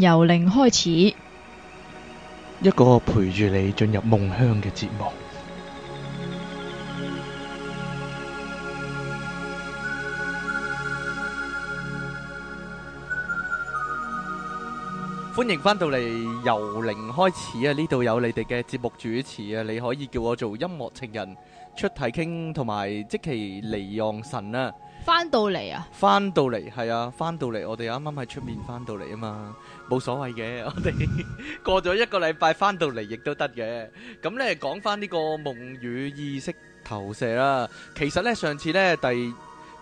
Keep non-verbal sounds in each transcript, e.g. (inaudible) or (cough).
由零開始，一個陪住你進入夢鄉嘅節目。歡迎返到嚟由零開始啊！呢度有你哋嘅節目主持啊！你可以叫我做音樂情人出體傾，同埋即期離陽神啊！翻到嚟啊！翻到嚟係啊！翻到嚟，我哋啱啱喺出面翻到嚟啊嘛，冇所謂嘅。我哋過咗一個禮拜翻到嚟亦都得嘅。咁咧講翻呢個夢與意識投射啦。其實咧上次咧第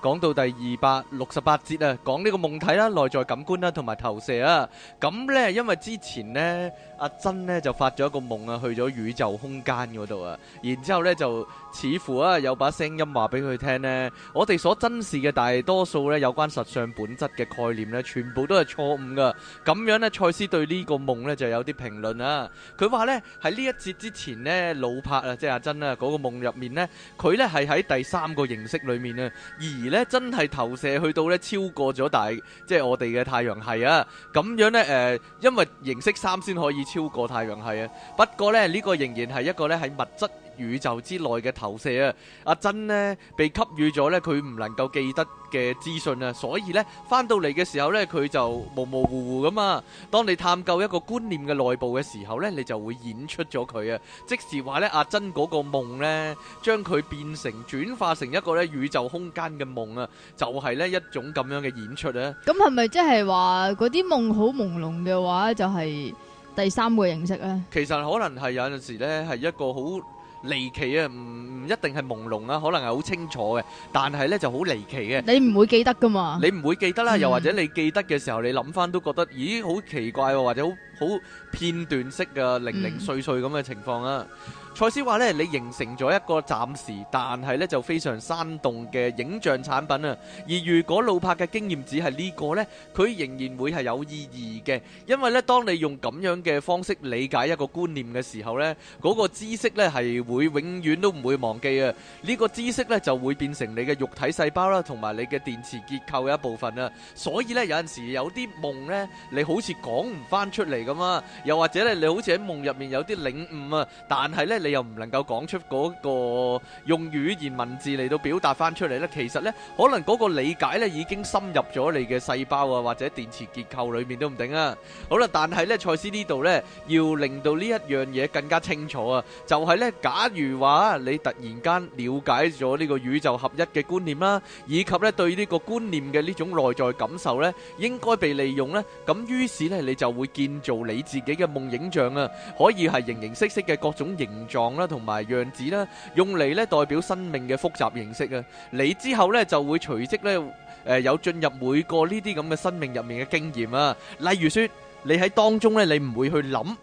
講到第二百六十八節啊，講呢個夢體啦、內在感官啦同埋投射啊。咁咧因為之前咧。阿珍呢就發咗一個夢啊，去咗宇宙空間度啊，然之後咧就似乎啊有把聲音話俾佢聽咧，我哋所珍視嘅大，大多數咧有關實相本質嘅概念咧，全部都係錯誤噶。咁樣咧，賽斯對這個呢個夢咧就有啲評論啊，佢話咧喺呢一節之前咧，老柏啊，即係阿珍啊、嗰個夢入面咧，佢咧係喺第三個形式裏面啊，而咧真係投射去到咧超過咗大，即、就是、係我哋嘅太陽系啊。咁樣咧，誒、呃，因為形式三先可以。超過太陽系啊！不過咧，呢個仍然係一個咧喺物質宇宙之內嘅投射啊！阿珍呢，被給予咗咧，佢唔能夠記得嘅資訊啊，所以咧翻到嚟嘅時候咧，佢就模模糊糊咁啊！當你探究一個觀念嘅內部嘅時候咧，你就會演出咗佢啊！即時話咧，阿珍嗰個夢咧，將佢變成轉化成一個咧宇宙空間嘅夢啊，就係呢一種咁樣嘅演出啊。咁係咪即係話嗰啲夢好朦朧嘅話，就係？第三個形式呢，其實可能係有陣時呢，係一個好離奇啊，唔唔一定係朦朧啊，可能係好清楚嘅，但係呢就好離奇嘅。你唔會記得㗎嘛？你唔會記得啦，嗯、又或者你記得嘅時候，你諗翻都覺得，咦，好奇怪，或者好好片段式嘅零零碎碎咁嘅情況啊。嗯。賽斯話咧，你形成咗一個暫時，但係咧就非常生動嘅影像產品啊。而如果魯柏嘅經驗只係呢個咧，佢仍然會係有意義嘅，因為咧，當你用咁樣嘅方式理解一個觀念嘅時候咧，嗰個知識咧係會永遠都唔會忘記啊。呢個知識咧就會變成你嘅肉體細胞啦，同埋你嘅電磁結構嘅一部分啊。所以咧，有陣時有啲夢咧，你好似講唔翻出嚟咁啊。又或者咧，你好似喺夢入面有啲領悟啊，但係咧，你又唔能夠講出嗰個用語言文字嚟到，表達翻出嚟咧？其實咧，可能嗰個理解咧已經深入咗你嘅細胞啊，或者電池結構裏面都唔定啊。好啦，但係咧，塞斯呢度咧要令到呢一樣嘢更加清楚啊，就係咧，假如話你突然間了解咗呢個宇宙合一嘅觀念啦，以及咧對呢個觀念嘅呢種內在感受咧，應該被利用咧，咁於是咧，你就會建造你自己嘅夢影像啊，可以係形形色色嘅各種形狀狀啦，同埋樣子啦，用嚟咧代表生命嘅複雜形式啊。你之後咧就會隨即咧，誒有進入每個呢啲咁嘅生命入面嘅經驗啊。例如說，你喺當中咧，你唔會去諗。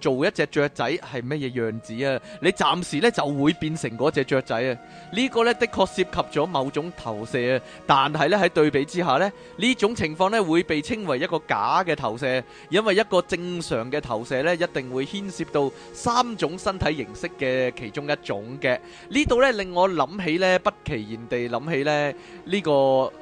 做一隻雀仔係乜嘢樣子啊？你暫時呢就會變成嗰隻雀仔啊！呢、呢個呢，的確涉及咗某種投射啊，但係呢，喺對比之下呢，呢種情況呢，會被稱為一個假嘅投射，因為一個正常嘅投射呢，一定會牽涉到三種身體形式嘅其中一種嘅。呢度呢，令我諗起呢，不其然地諗起呢，呢個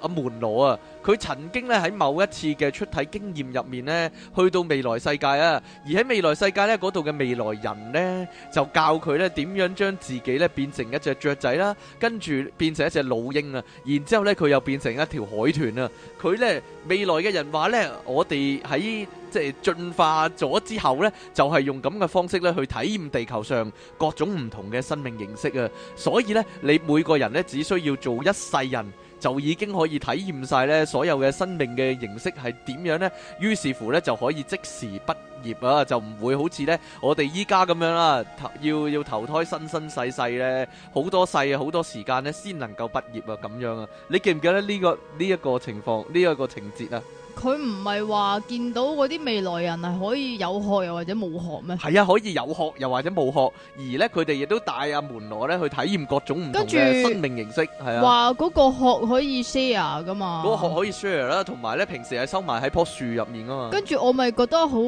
阿門羅啊。佢曾經咧喺某一次嘅出體經驗入面呢，去到未來世界啊，而喺未來世界呢嗰度嘅未來人呢，就教佢呢點樣將自己呢變成一隻雀仔啦，跟住變成一隻老鷹啊，然之後呢，佢又變成一條海豚啊，佢呢，未來嘅人話呢，我哋喺即係進化咗之後呢，就係用咁嘅方式咧去體驗地球上各種唔同嘅生命形式啊，所以呢，你每個人呢，只需要做一世人。就已經可以體驗晒呢所有嘅生命嘅形式係點樣呢？於是乎呢就可以即時畢業啊！就唔會好似呢我哋依家咁樣啦，要要投胎生生世世呢，好多世啊，好多時間呢先能夠畢業啊咁樣啊！你記唔記得呢個呢一個情況呢一個情節啊？佢唔係話見到嗰啲未來人係可以有學又或者冇學咩？係啊，可以有學又或者冇學，而咧佢哋亦都帶阿門羅咧去體驗各種唔同嘅生命形式。係著啊，話嗰個學可以 share 噶嘛？嗰個學可以 share 啦，同埋咧平時係收埋喺棵樹入面啊嘛。跟住我咪覺得好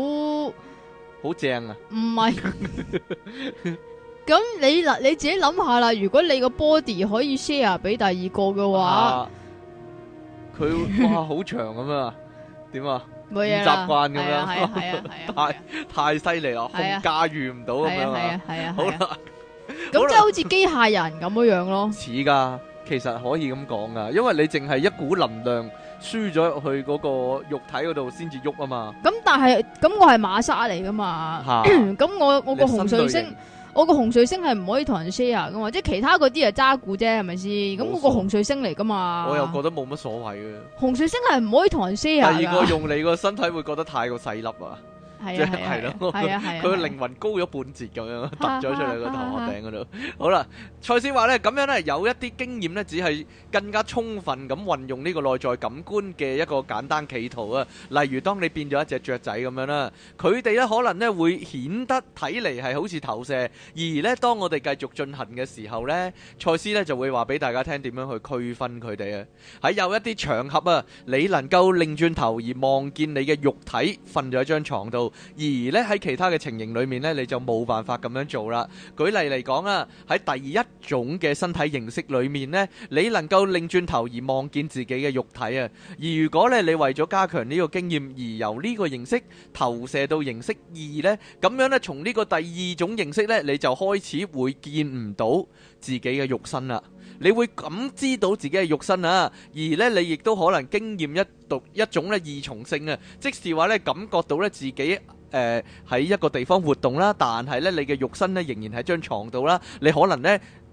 好正啊！唔係、啊，咁 (laughs) (laughs) 你嗱你自己諗下啦，如果你個 body 可以 share 俾第二個嘅話，佢哇好長咁啊！ (laughs) 點啊？唔習慣咁樣，太太犀利咯，駕馭唔到咁樣。係啊，係啊。好啦，咁即係好似機械人咁樣樣咯。似噶，其實可以咁講噶，因為你淨係一股能量輸咗去嗰個肉體嗰度先至喐啊嘛。咁但係，咁我係馬沙嚟噶嘛？咁我我個紅水星。我個紅水星係唔可以同人 share 噶嘛，即係其他嗰啲啊揸股啫，係咪先？咁我沒說 個是紅水星嚟噶嘛，我又覺得冇乜所謂啊。紅水星係唔可以同人 share，第二個用你個身體會覺得太過細粒啊。 (laughs) 係咯，佢嘅靈魂高咗半截咁樣凸，突咗出嚟個頭殼頂嗰度。好啦，賽斯話咧，咁樣咧有一啲經驗咧，只係更加充分咁運用呢個內在感官嘅一個簡單企圖啊。例如當你變咗一隻雀仔咁樣啦，佢哋咧可能咧會顯得睇嚟係好似投射，而咧當我哋繼續進行嘅時候咧，賽斯咧就會話俾大家聽點樣去區分佢哋啊。喺有一啲場合啊，你能夠擰轉頭而望見你嘅肉體瞓咗喺張床度。而咧喺其他嘅情形裏面咧，你就冇辦法咁樣做啦。舉例嚟講啊，喺第一種嘅身體形式裏面咧，你能夠擰轉頭而望見自己嘅肉體啊。而如果咧你為咗加強呢個經驗而由呢個形式投射到形式二呢，咁樣呢，從呢個第二種形式呢，你就開始會見唔到自己嘅肉身啦。你會感知到自己係肉身啊，而呢，你亦都可能經驗一讀一種呢二重性啊，即是話，呢感覺到呢自己誒喺、呃、一個地方活動啦，但係呢，你嘅肉身呢仍然喺張床度啦，你可能呢。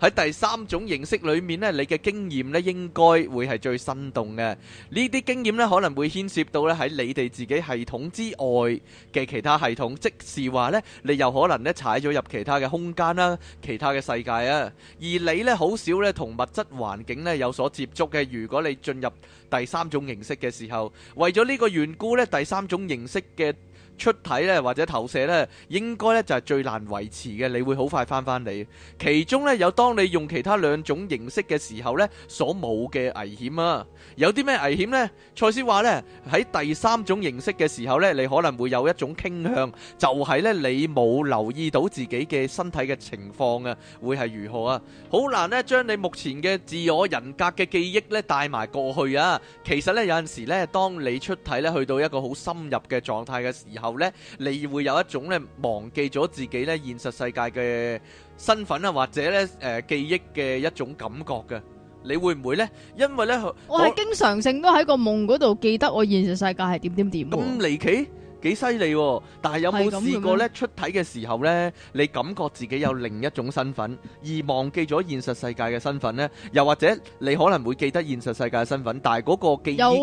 喺第三種形式裏面咧，你嘅經驗咧應該會係最生動嘅。呢啲經驗咧可能會牽涉到咧喺你哋自己系統之外嘅其他系統，即是話咧你有可能咧踩咗入其他嘅空間啦，其他嘅世界啊。而你咧好少咧同物質環境咧有所接觸嘅。如果你進入第三種形式嘅時候，為咗呢個緣故咧，第三種形式嘅。出體咧或者投射咧，應該咧就係最難維持嘅，你會好快返返嚟。其中咧有當你用其他兩種形式嘅時候咧，所冇嘅危險啊，有啲咩危險呢？賽斯話咧喺第三種形式嘅時候咧，你可能會有一種傾向，就係咧你冇留意到自己嘅身體嘅情況啊，會係如何啊？好難呢將你目前嘅自我人格嘅記憶咧帶埋過去啊。其實咧有陣時咧，當你出體咧去到一個好深入嘅狀態嘅時候，咧，你會有一種咧忘記咗自己咧現實世界嘅身份啊，或者咧誒記憶嘅一種感覺嘅，你會唔會咧？因為咧，我係經常性都喺個夢嗰度記得我現實世界係點點點。咁離奇，幾犀利喎！但係有冇試過咧出體嘅時候咧，你感覺自己有另一種身份，而忘記咗現實世界嘅身份咧？又或者你可能會記得現實世界嘅身份，但係嗰個記憶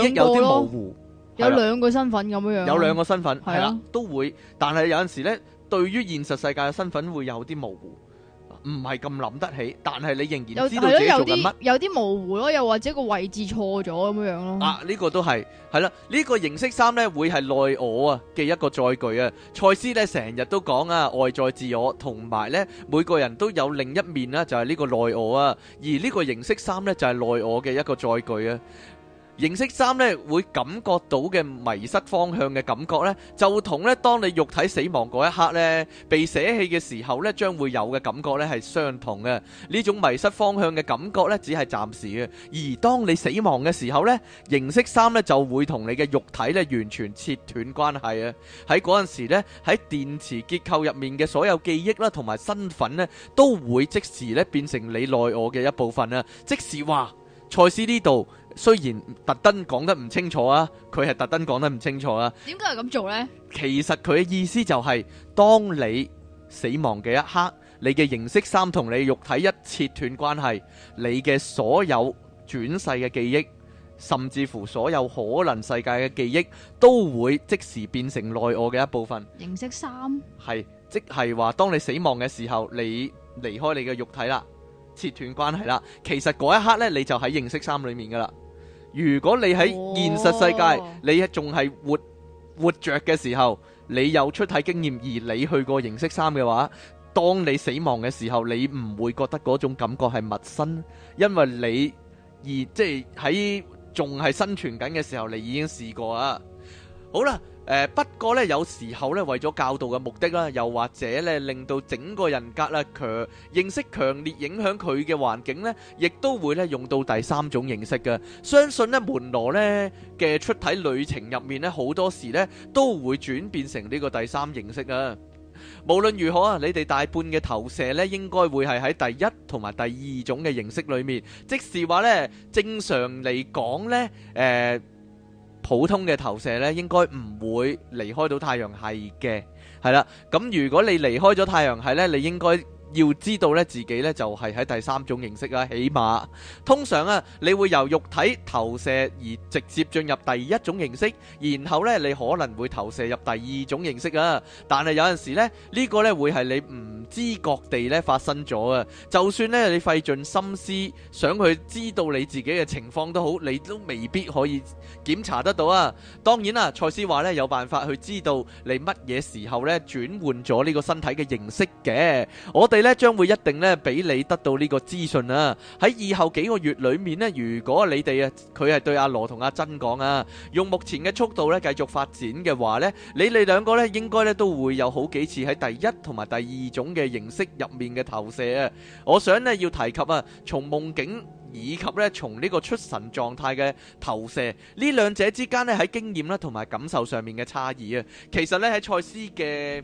記憶有啲模糊。有兩個身份咁樣樣，有兩個身份係啦，都會。但係有陣時咧，對於現實世界嘅身份會有啲模糊，唔係咁諗得起。但係你仍然知道自己做緊乜，有啲模糊咯，又或者個位置錯咗咁樣樣咯。啊，呢個都係係啦。呢個形式三咧，會係內我啊嘅一個載具啊。賽斯咧成日都講啊，外在自我同埋咧，每個人都有另一面啦，就係呢個內我啊。而呢個形式三咧，就係內我嘅一個載具啊。形式三咧，會感覺到嘅迷失方向嘅感覺咧，就同咧當你肉體死亡嗰一刻咧，被捨棄嘅時候咧，將會有嘅感覺咧係相同嘅。呢種迷失方向嘅感覺咧，只係暫時嘅。而當你死亡嘅時候咧，形式三咧就會同你嘅肉體咧完全切斷關係啊！喺嗰陣時咧，喺電池結構入面嘅所有記憶啦，同埋身份咧，都會即時咧變成你內我嘅一部分啊！即使話，賽斯呢度。雖然特登講得唔清楚啊，佢係特登講得唔清楚啊。點解係咁做呢？其實佢嘅意思就係，當你死亡嘅一刻，你嘅形式三同你肉體一切斷關係，你嘅所有轉世嘅記憶，甚至乎所有可能世界嘅記憶，都會即時變成內我嘅一部分。形式三係即係話，當你死亡嘅時候，你離開你嘅肉體啦，切斷關係啦。其實嗰一刻呢，你就喺形式三裏面噶啦。如果你喺現實世界，你仲係活活著嘅時候，你有出體經驗，而你去過形式三嘅話，當你死亡嘅時候，你唔會覺得嗰種感覺係陌生，因為你而即係喺仲係生存緊嘅時候，你已經試過呀！好啦。誒，不過咧，有時候咧，為咗教導嘅目的啦，又或者咧，令到整個人格啦強認識強烈影響佢嘅環境咧，亦都會咧用到第三種形式嘅。相信咧門羅咧嘅出體旅程入面咧，好多時咧都會轉變成呢個第三形式嘅。無論如何啊，你哋大半嘅投射咧，應該會係喺第一同埋第二種嘅形式裏面。即是話咧，正常嚟講咧，誒。普通嘅投射咧，應該唔會離開到太陽系嘅，係喇。咁如果你離開咗太陽系咧，你應該。要知道咧，自己咧就係喺第三種形式啊。起碼通常啊，你會由肉體投射而直接進入第一種形式，然後咧你可能會投射入第二種形式啊。但係有陣時咧，呢個咧會係你唔知覺地咧發生咗啊。就算咧你費盡心思想去知道你自己嘅情況都好，你都未必可以檢查得到啊。當然啦，賽斯話咧有辦法去知道你乜嘢時候咧轉換咗呢個身體嘅形式嘅。我哋。咧將會一定咧俾你得到呢個資訊啊！喺以後幾個月裏面咧，如果你哋啊，佢係對阿羅同阿珍講啊，用目前嘅速度咧繼續發展嘅話呢，你哋兩個咧應該咧都會有好幾次喺第一同埋第二種嘅形式入面嘅投射啊！我想呢要提及啊，從夢境以及呢從呢個出神狀態嘅投射呢兩者之間呢，喺經驗啦同埋感受上面嘅差異啊，其實呢，喺賽斯嘅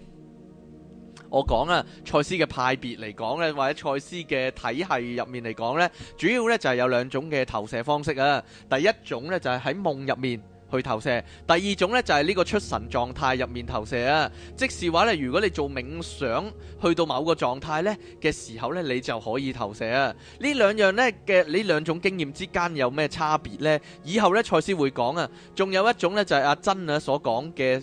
我講啊，賽斯嘅派別嚟講咧，或者賽斯嘅體系入面嚟講咧，主要咧就係有兩種嘅投射方式啊。第一種咧就係喺夢入面去投射，第二種咧就係呢個出神狀態入面投射啊。即是話咧，如果你做冥想去到某個狀態咧嘅時候咧，你就可以投射啊。呢兩樣咧嘅呢兩種經驗之間有咩差別咧？以後咧賽斯會講啊。仲有一種咧就係阿珍啊所講嘅。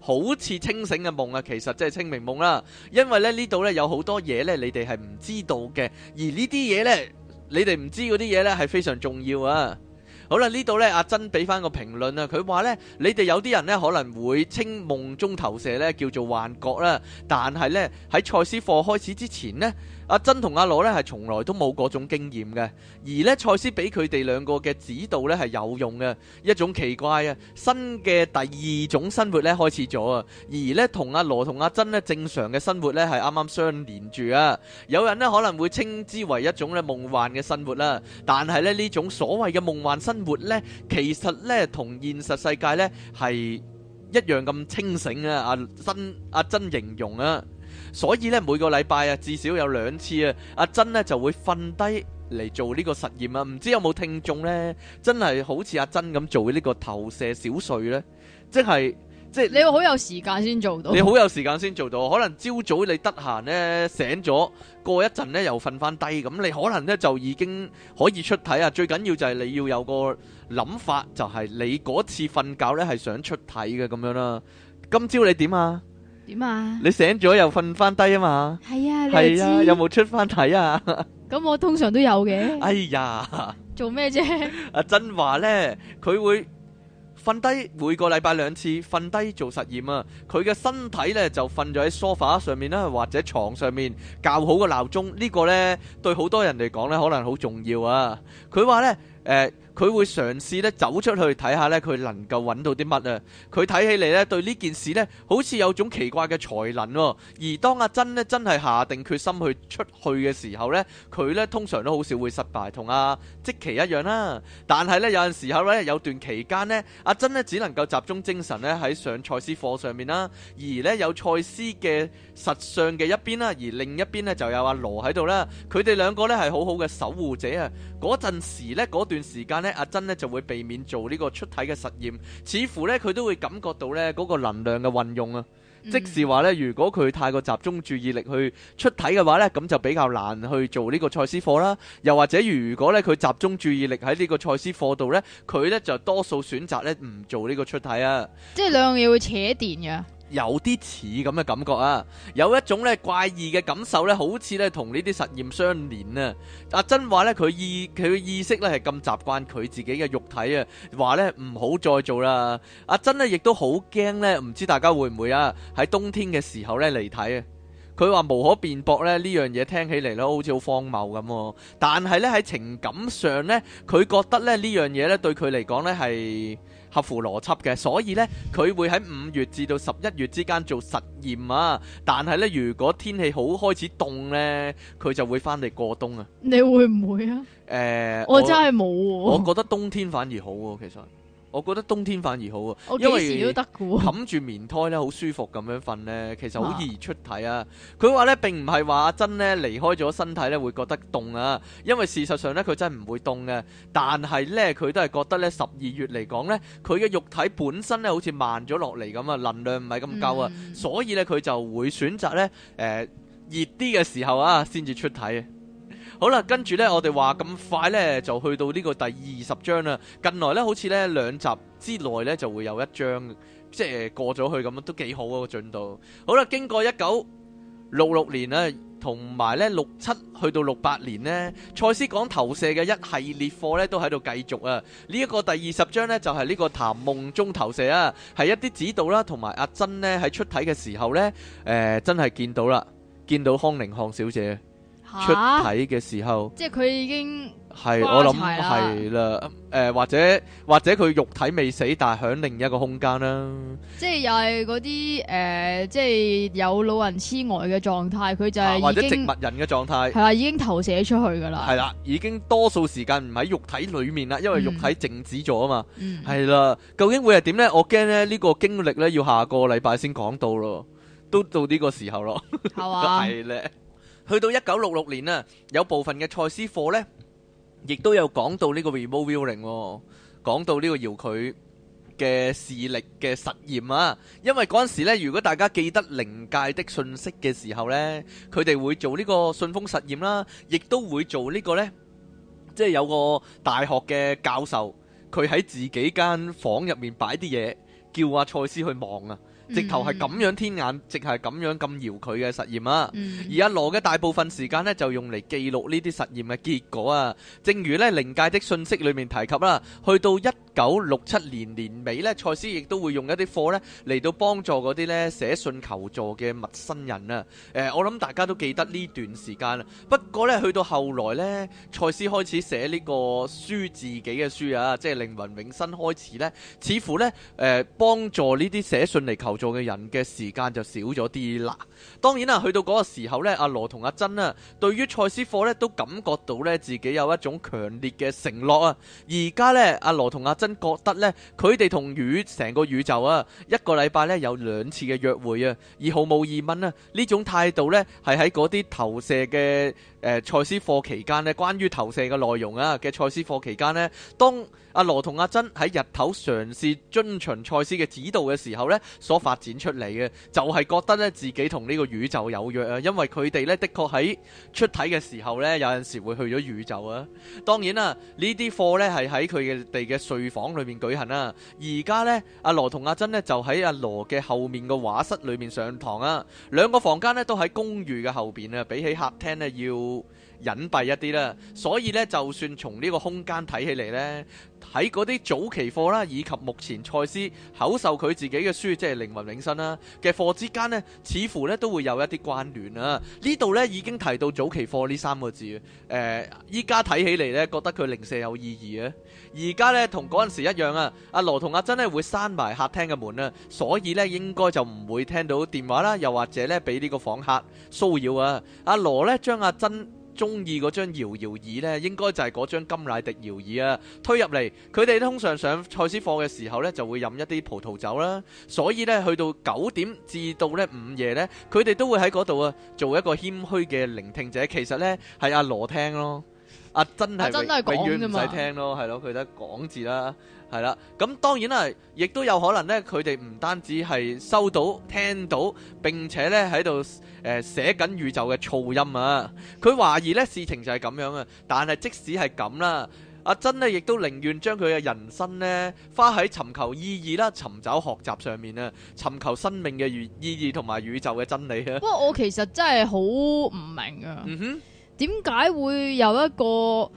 好似清醒嘅夢啊，其實即係清明夢啦。因為咧呢度呢有好多嘢呢你哋係唔知道嘅。而呢啲嘢呢你哋唔知嗰啲嘢呢係非常重要啊。好啦，呢度呢，阿珍俾翻個評論啊，佢話呢，你哋有啲人呢可能會稱夢中投射呢叫做幻覺啦，但係呢，喺賽斯課開始之前呢。阿珍同阿羅咧，係從來都冇嗰種經驗嘅，而咧賽斯俾佢哋兩個嘅指導咧係有用嘅，一種奇怪啊，新嘅第二種生活咧開始咗啊，而咧同阿羅同阿珍咧正常嘅生活咧係啱啱相連住啊，有人咧可能會稱之為一種咧夢幻嘅生活啦，但係咧呢種所謂嘅夢幻生活咧，其實咧同現實世界咧係一樣咁清醒啊，阿珍阿珍形容啊。所以咧，每個禮拜啊，至少有兩次啊，阿珍咧就會瞓低嚟做呢個實驗啊。唔知有冇聽眾呢？真係好似阿珍咁做呢個投射小睡呢？即係即係你好有時間先做到，你好有時間先做到。可能朝早你得閒呢醒咗，過一陣呢又瞓翻低，咁你可能呢就已經可以出體啊。最緊要就係你要有個諗法，就係、是、你嗰次瞓覺呢係想出體嘅咁樣啦、啊。今朝你點啊？點啊！你醒咗又瞓翻低啊嘛！係啊，係啊，有冇出翻睇啊？咁我通常都有嘅。哎呀，做咩啫？阿珍華咧，佢會瞓低每個禮拜兩次，瞓低做實驗啊。佢嘅身體咧就瞓咗喺梳化上面啦，或者床上面。校好嘅鬧鐘呢個咧，對好多人嚟講咧，可能好重要啊。佢話咧。誒佢，欸、會嘗試咧走出去睇下咧，佢能夠揾到啲乜啊？佢睇起嚟咧，對呢件事呢，好似有種奇怪嘅才能。而當阿珍呢，真係下定決心去出去嘅時候呢，佢呢通常都好少會失敗，同阿積奇一樣啦。但係呢，有陣時候呢，有段期間呢，阿珍呢只能夠集中精神呢喺上賽斯課上面啦。而呢，有賽斯嘅實相嘅一邊啦，而另一邊呢，就有阿羅喺度啦。佢哋兩個呢係好好嘅守護者啊！嗰陣時咧，嗰段段時間咧，阿珍咧就會避免做呢個出體嘅實驗，似乎咧佢都會感覺到咧嗰、嗰個能量嘅運用啊。嗯、即是話咧，如果佢太過集中注意力去出體嘅話咧，咁就比較難去做呢個賽斯課啦。又或者如果咧佢集中注意力喺呢個賽斯課度咧，佢咧就多數選擇咧唔做呢個出體啊。即係兩樣嘢會扯電嘅。有啲似咁嘅感覺啊，有一種咧怪異嘅感受咧，好似咧同呢啲實驗相連啊。阿珍話咧，佢意佢嘅意識咧係咁習慣佢自己嘅肉體啊，話咧唔好再做啦。阿珍呢，亦都好驚咧，唔知大家會唔會啊？喺冬天嘅時候咧嚟睇啊，佢話無可辯駁咧。呢樣嘢聽起嚟咧，好似好荒謬咁。但係咧喺情感上咧，佢覺得咧呢樣嘢咧對佢嚟講咧係合乎邏輯嘅，所以呢，佢會喺五月至到十一月之間做實驗啊。但係呢，如果天氣好開始凍呢，佢就會翻嚟過冬啊。你會唔會啊？呃，我真係冇啊。我覺得冬天反而好喎啊，其實。我覺得冬天反而好啊，因為冚住棉胎咧，好舒服咁樣瞓咧，其實好易出體啊。佢話咧，並唔係話真咧離開咗身體咧會覺得凍啊，因為事實上咧佢真係唔會凍嘅，但係咧佢都係覺得咧十二月嚟講咧，佢嘅肉體本身咧好似慢咗落嚟咁啊，能量唔係咁夠啊，嗯、所以咧佢就會選擇咧誒熱啲嘅時候啊先至出體。好啦，跟住呢，我哋話咁快呢，就去到呢個第二十章啦。近來呢，好似呢兩集之內呢，就會有一章，即係過咗去咁都幾好啊個進度。好啦，經過一九六六年啊，同埋呢六七去到六八年呢，賽斯講投射嘅一系列課呢，都喺度繼續啊。呢、這、一個第二十章呢，就係、是、呢個談夢中投射啊，係一啲指導啦、啊，同埋阿珍呢喺出體嘅時候呢，誒、呃、真係見到啦，見到康寧漢小姐。出體嘅時候，啊、即係佢已經係我諗係啦，誒、呃、或者或者佢肉體未死，但係響另一個空間啦、呃。即係又係嗰啲誒，即係有老人痴呆嘅狀態，佢就係、啊、或者植物人嘅狀態，係啊，已經投射出去噶啦，係啦、嗯啊，已經多數時間唔喺肉體裏面啦，因為肉體靜止咗啊嘛，係啦、嗯啊，究竟會係點咧？我驚咧呢個經歷咧要下個禮拜先講到咯，都到呢個時候咯，係啦、啊。 (laughs) 去到一九六六年啊，有部分嘅賽斯課呢，亦都有講到呢個 remote viewing，哦、講到呢個遙距嘅視力嘅實驗啊。因為嗰陣時呢，如果大家記得靈界的訊息嘅時候呢，佢哋會做呢個信封實驗啦，亦都會做呢個呢，即係有個大學嘅教授，佢喺自己間房入面擺啲嘢，叫阿賽斯去望啊。直頭係咁樣天眼，mm hmm. 直係咁樣咁搖佢嘅實驗啊！Mm hmm. 而阿羅嘅大部分時間咧，就用嚟記錄呢啲實驗嘅結果啊！正如咧靈界的訊息裏面提及啦、啊，去到一。九六七年年尾咧，蔡司亦都會用一啲課咧嚟到幫助嗰啲咧寫信求助嘅陌生人啊！誒、呃，我諗大家都記得呢段時間啊。不過咧，去到後來咧，蔡司開始寫呢個書自己嘅書啊，即係靈魂永生開始咧，似乎咧誒幫助呢啲寫信嚟求助嘅人嘅時間就少咗啲啦。當然啦，去到嗰個時候咧，阿羅同阿珍啊，對於蔡司課咧都感覺到咧自己有一種強烈嘅承諾啊。而家咧，阿羅同阿珍。覺得呢，佢哋同宇成個宇宙啊，一個禮拜呢有兩次嘅約會啊，而毫無疑問啊。呢種態度呢，係喺嗰啲投射嘅誒賽斯課期間呢，關於投射嘅內容啊嘅賽斯課期間呢，當。阿羅同阿珍喺日頭嘗試遵循賽斯嘅指導嘅時候呢，所發展出嚟嘅就係、是、覺得咧自己同呢個宇宙有約啊，因為佢哋呢，的確喺出體嘅時候呢，有陣時候會去咗宇宙啊。當然啦，呢啲課呢係喺佢哋嘅睡房裏面舉行啦。而家呢，阿羅同阿珍呢，就喺阿羅嘅後面嘅畫室裏面上堂啊。兩個房間呢，都喺公寓嘅後邊啊，比起客廳呢，要。隱蔽一啲啦，所以咧，就算從呢個空間睇起嚟呢，喺嗰啲早期課啦，以及目前賽斯口授佢自己嘅書，即係靈魂永生啦嘅課之間呢，似乎呢都會有一啲關聯啊！呢度呢已經提到早期課呢三個字，誒、呃，依家睇起嚟呢，覺得佢零舍有意義啊！而家呢，同嗰陣時一樣啊，阿羅同阿珍呢會閂埋客廳嘅門啊，所以呢應該就唔會聽到電話啦，又或者呢俾呢個訪客騷擾啊！阿羅呢將阿珍。中意嗰張搖搖椅呢，應該就係嗰張金乃迪搖椅啊！推入嚟，佢哋通常上賽斯課嘅時候呢，就會飲一啲葡萄酒啦。所以呢，去到九點至到呢午夜呢，佢哋都會喺嗰度啊，做一個謙虛嘅聆聽者。其實呢，係阿羅聽咯。阿珍係咪願唔使聽咯？係咯，佢得講字啦，係啦。咁當然啦，亦都有可能咧，佢哋唔單止係收到、聽到，並且咧喺度誒寫緊宇宙嘅噪音啊！佢懷疑咧事情就係咁樣啊！但係即使係咁啦，阿珍咧亦都寧願將佢嘅人生咧花喺尋求意義啦、尋找學習上面啊、尋求生命嘅意義同埋宇宙嘅真理啊！不過我其實真係好唔明啊！嗯哼。點解會有一個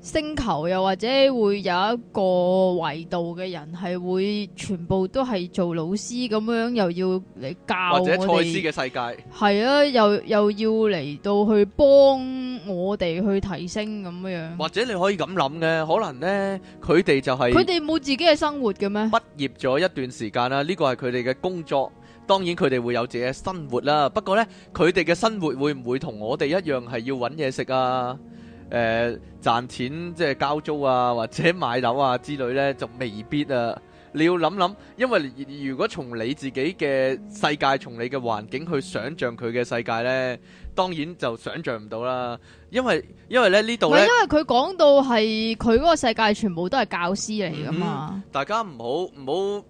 星球，又或者會有一個維度嘅人係會全部都係做老師咁樣，又要嚟教我哋，或者賽斯嘅世界？係啊，又又要嚟到去幫我哋去提升咁樣。或者你可以咁諗嘅，可能呢，佢哋就係佢哋冇自己嘅生活嘅咩？畢業咗一段時間啦，呢個係佢哋嘅工作。當然佢哋會有自己嘅生活啦，不過呢，佢哋嘅生活會唔會同我哋一樣係要揾嘢食啊？誒、呃，賺錢即係交租啊，或者買樓啊之類呢，就未必啊！你要諗諗，因為如果從你自己嘅世界、從你嘅環境去想像佢嘅世界呢，當然就想像唔到啦。因為因為呢度因為佢講到係佢嗰個世界全部都係教師嚟㗎嘛，嗯？大家唔好唔好。唔好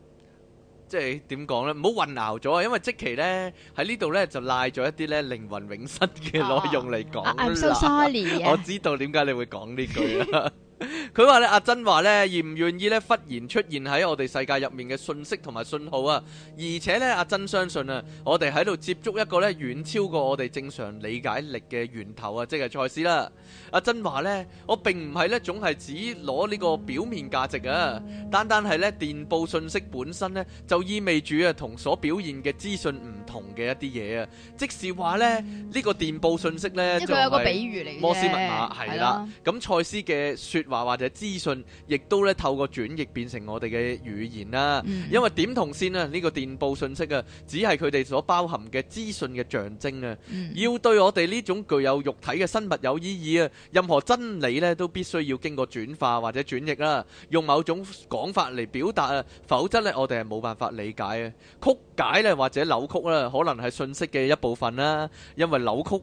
即係點講咧？唔好混淆咗啊！因為即期咧，喺呢度咧，就賴咗一啲咧，靈魂永生嘅內容嚟講。Oh, I'm so sorry 我知道點解你會講呢句啦 (laughs) 佢話咧，阿珍話咧，願唔願意咧，忽然出現喺我哋世界入面嘅訊息同埋信號啊，而且咧，阿珍相信啊，我哋喺度接觸一個咧遠超過我哋正常理解力嘅源頭啊，即係賽斯啦。阿珍話咧，我並唔係咧，總係只攞呢個表面價值啊，單單係咧電報訊息本身咧，就意味住啊同所表現嘅資訊唔。同嘅一啲嘢啊，即是話咧呢個電報信息咧，即佢有個比喻嚟嘅摩斯密碼係啦。咁賽斯嘅說話或者資訊亦都咧透過轉譯變成我哋嘅語言啦。因為點同線啊，呢個電報信息啊，只係佢哋所包含嘅資訊嘅象徵啊。要對我哋呢種具有肉體嘅生物有意義啊，任何真理咧都必須要經過轉化或者轉譯啦，用某種講法嚟表達啊，否則咧我哋係冇辦法理解啊曲解咧或者扭曲啦。可能係信息嘅一部分啦，因為扭曲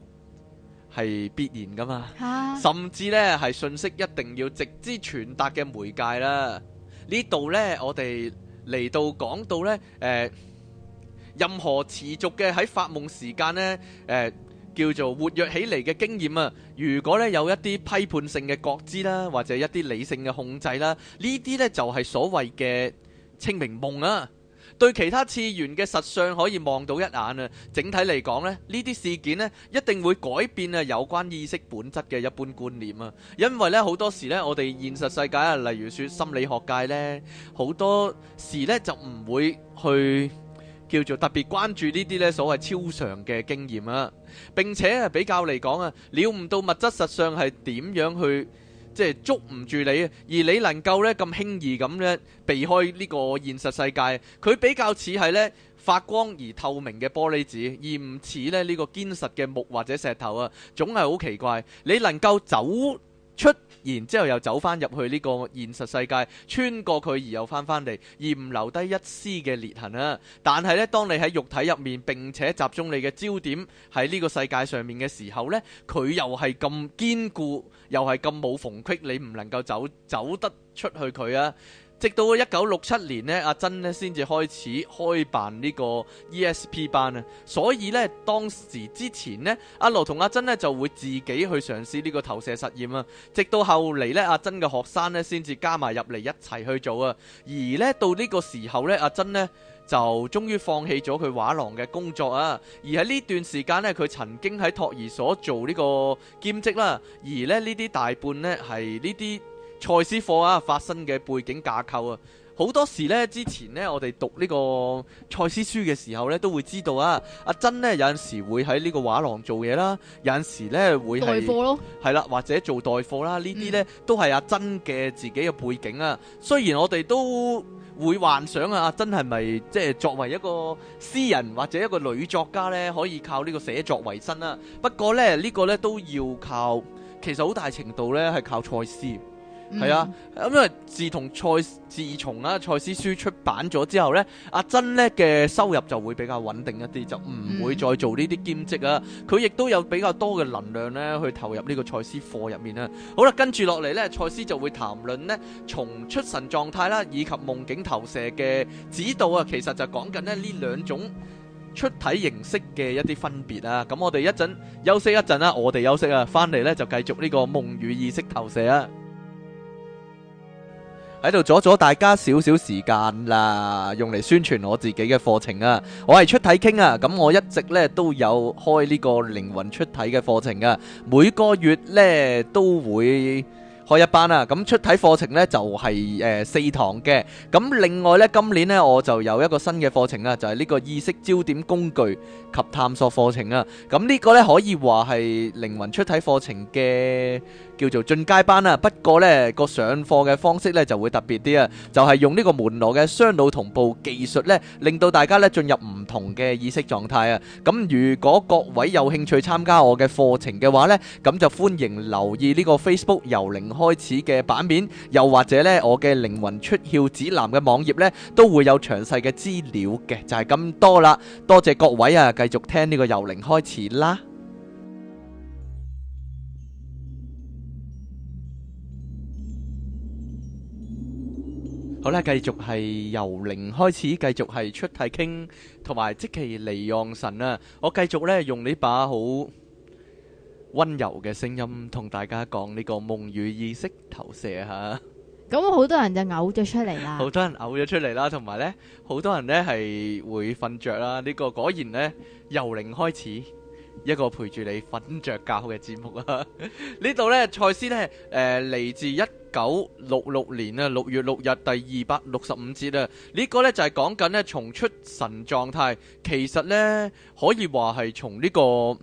係必然噶嘛，啊、甚至呢係信息一定要直接傳達嘅媒介啦。呢度呢，我哋嚟到講到呢，誒、呃，任何持續嘅喺發夢時間呢，誒、呃，叫做活躍起嚟嘅經驗啊，如果呢有一啲批判性嘅覺知啦，或者一啲理性嘅控制啦，呢啲呢就係、是、所謂嘅清明夢啦、啊。對其他次元嘅實相可以望到一眼啊！整體嚟講咧，呢啲事件咧一定會改變啊有關意識本質嘅一般觀念啊！因為咧好多時咧，我哋現實世界啊，例如説心理學界咧，好多時咧就唔會去叫做特別關注呢啲咧所謂超常嘅經驗啊！並且比較嚟講啊，了唔到物質實相係點樣去。即係捉唔住你，而你能夠咧咁輕易咁咧避開呢個現實世界，佢比較似係咧發光而透明嘅玻璃紙，而唔似呢個堅實嘅木或者石頭啊，總係好奇怪，你能夠走。出現之後又走翻入去呢個現實世界，穿過佢而又翻翻嚟，而唔留低一絲嘅裂痕啊！但係呢，當你喺肉體入面並且集中你嘅焦點喺呢個世界上面嘅時候呢，佢又係咁堅固，又係咁冇縫隙，你唔能夠走走得出去佢啊！直到一九六七年呢，阿珍呢先至開始開辦呢個 ESP 班啊，所以呢，當時之前呢，阿盧同阿珍呢就會自己去嘗試呢個投射實驗啊。直到後嚟呢，阿珍嘅學生呢先至加埋入嚟一齊去做啊。而呢，到呢個時候呢，阿珍呢就終於放棄咗佢畫廊嘅工作啊。而喺呢段時間呢，佢曾經喺托兒所做呢個兼職啦。而呢呢啲大半呢，係呢啲。賽斯課啊，發生嘅背景架構啊，好多時呢，之前呢，我哋讀呢個賽斯書嘅時候呢，都會知道啊。阿珍呢有陣時會喺呢個畫廊做嘢啦，有陣時呢會係代課咯，係啦，或者做代課啦。這些呢啲呢都係阿珍嘅自己嘅背景啊。嗯、雖然我哋都會幻想啊，阿珍係咪即係作為一個詩人或者一個女作家呢，可以靠呢個寫作為生啊。不過呢，呢、呢個呢都要靠，其實好大程度呢係靠賽斯。係啊，咁因為自從賽自從啦，賽斯書出版咗之後呢，阿珍呢嘅收入就會比較穩定一啲，就唔會再做呢啲兼職啊。佢亦都有比較多嘅能量呢去投入呢個賽斯課入面啦。好啦，跟住落嚟呢，賽斯就會談論呢從出神狀態啦，以及夢境投射嘅指導啊。其實就講緊呢兩種出體形式嘅一啲分別啊。咁我哋一陣休息一陣啦，我哋休息啊，翻嚟呢就繼續呢個夢與意識投射啊。喺度阻咗大家少少時間啦，用嚟宣傳我自己嘅課程啊！我係出體傾啊，咁我一直咧都有開呢個靈魂出體嘅課程啊，每個月咧都會。開一班啊，咁出體課程呢就係誒四堂嘅，咁另外呢今年呢我就有一個新嘅課程啊，就係呢個意識焦點工具及探索課程啊，咁呢個呢可以話係靈魂出體課程嘅叫做進階班啊，不過呢個上課嘅方式呢就會特別啲啊，就係用呢個門羅嘅雙腦同步技術呢，令到大家呢進入唔同嘅意識狀態啊，咁如果各位有興趣參加我嘅課程嘅話呢，咁就歡迎留意呢個 Facebook 遊靈。開始嘅版面，又或者呢，我嘅靈魂出竅指南嘅網頁呢，都會有詳細嘅資料嘅，就係咁多啦。多謝各位啊，繼續聽呢個由零開始啦。好啦，繼續係由零開始，繼續係出體傾，同埋即其離讓神啊，我繼續呢用呢把好。溫柔嘅聲音同大家講呢個夢與意識投射吓，咁好多人就嘔咗出嚟啦，好 (laughs) 多人嘔咗出嚟啦，同埋呢，好多人呢係會瞓着啦。呢、這個果然呢，由零開始一個陪住你瞓着覺嘅節目啦。呢 (laughs) 度呢，賽斯呢，誒、呃，嚟自一九六六年啊，六月六日第二百六十五節啊，呢、這個呢，就係講緊咧從出神狀態，其實呢，可以話係從呢個。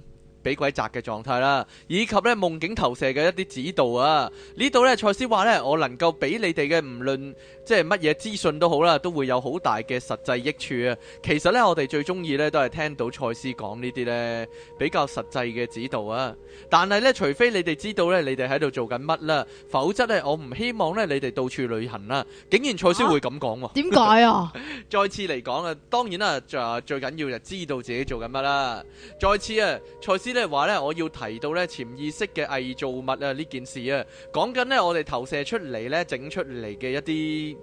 俾鬼砸嘅狀態啦，以及咧夢境投射嘅一啲指導啊，呢度咧賽斯話咧，我能夠俾你哋嘅唔論，即係乜嘢資訊都好啦，都會有好大嘅實際益處啊！其實呢，我哋最中意呢，都係聽到賽斯講呢啲呢比較實際嘅指導啊！但係呢，除非你哋知道呢，你哋喺度做緊乜啦，否則呢，我唔希望呢，你哋到處旅行啦，啊。竟然賽斯會咁講，點解啊？啊 (laughs) 再次嚟講啊，當然啊，就最緊要就知道自己做緊乜啦。再次啊，賽斯呢話呢，我要提到呢潛意識嘅偽造物啊呢件事啊，講緊呢，我哋投射出嚟呢，整出嚟嘅一啲。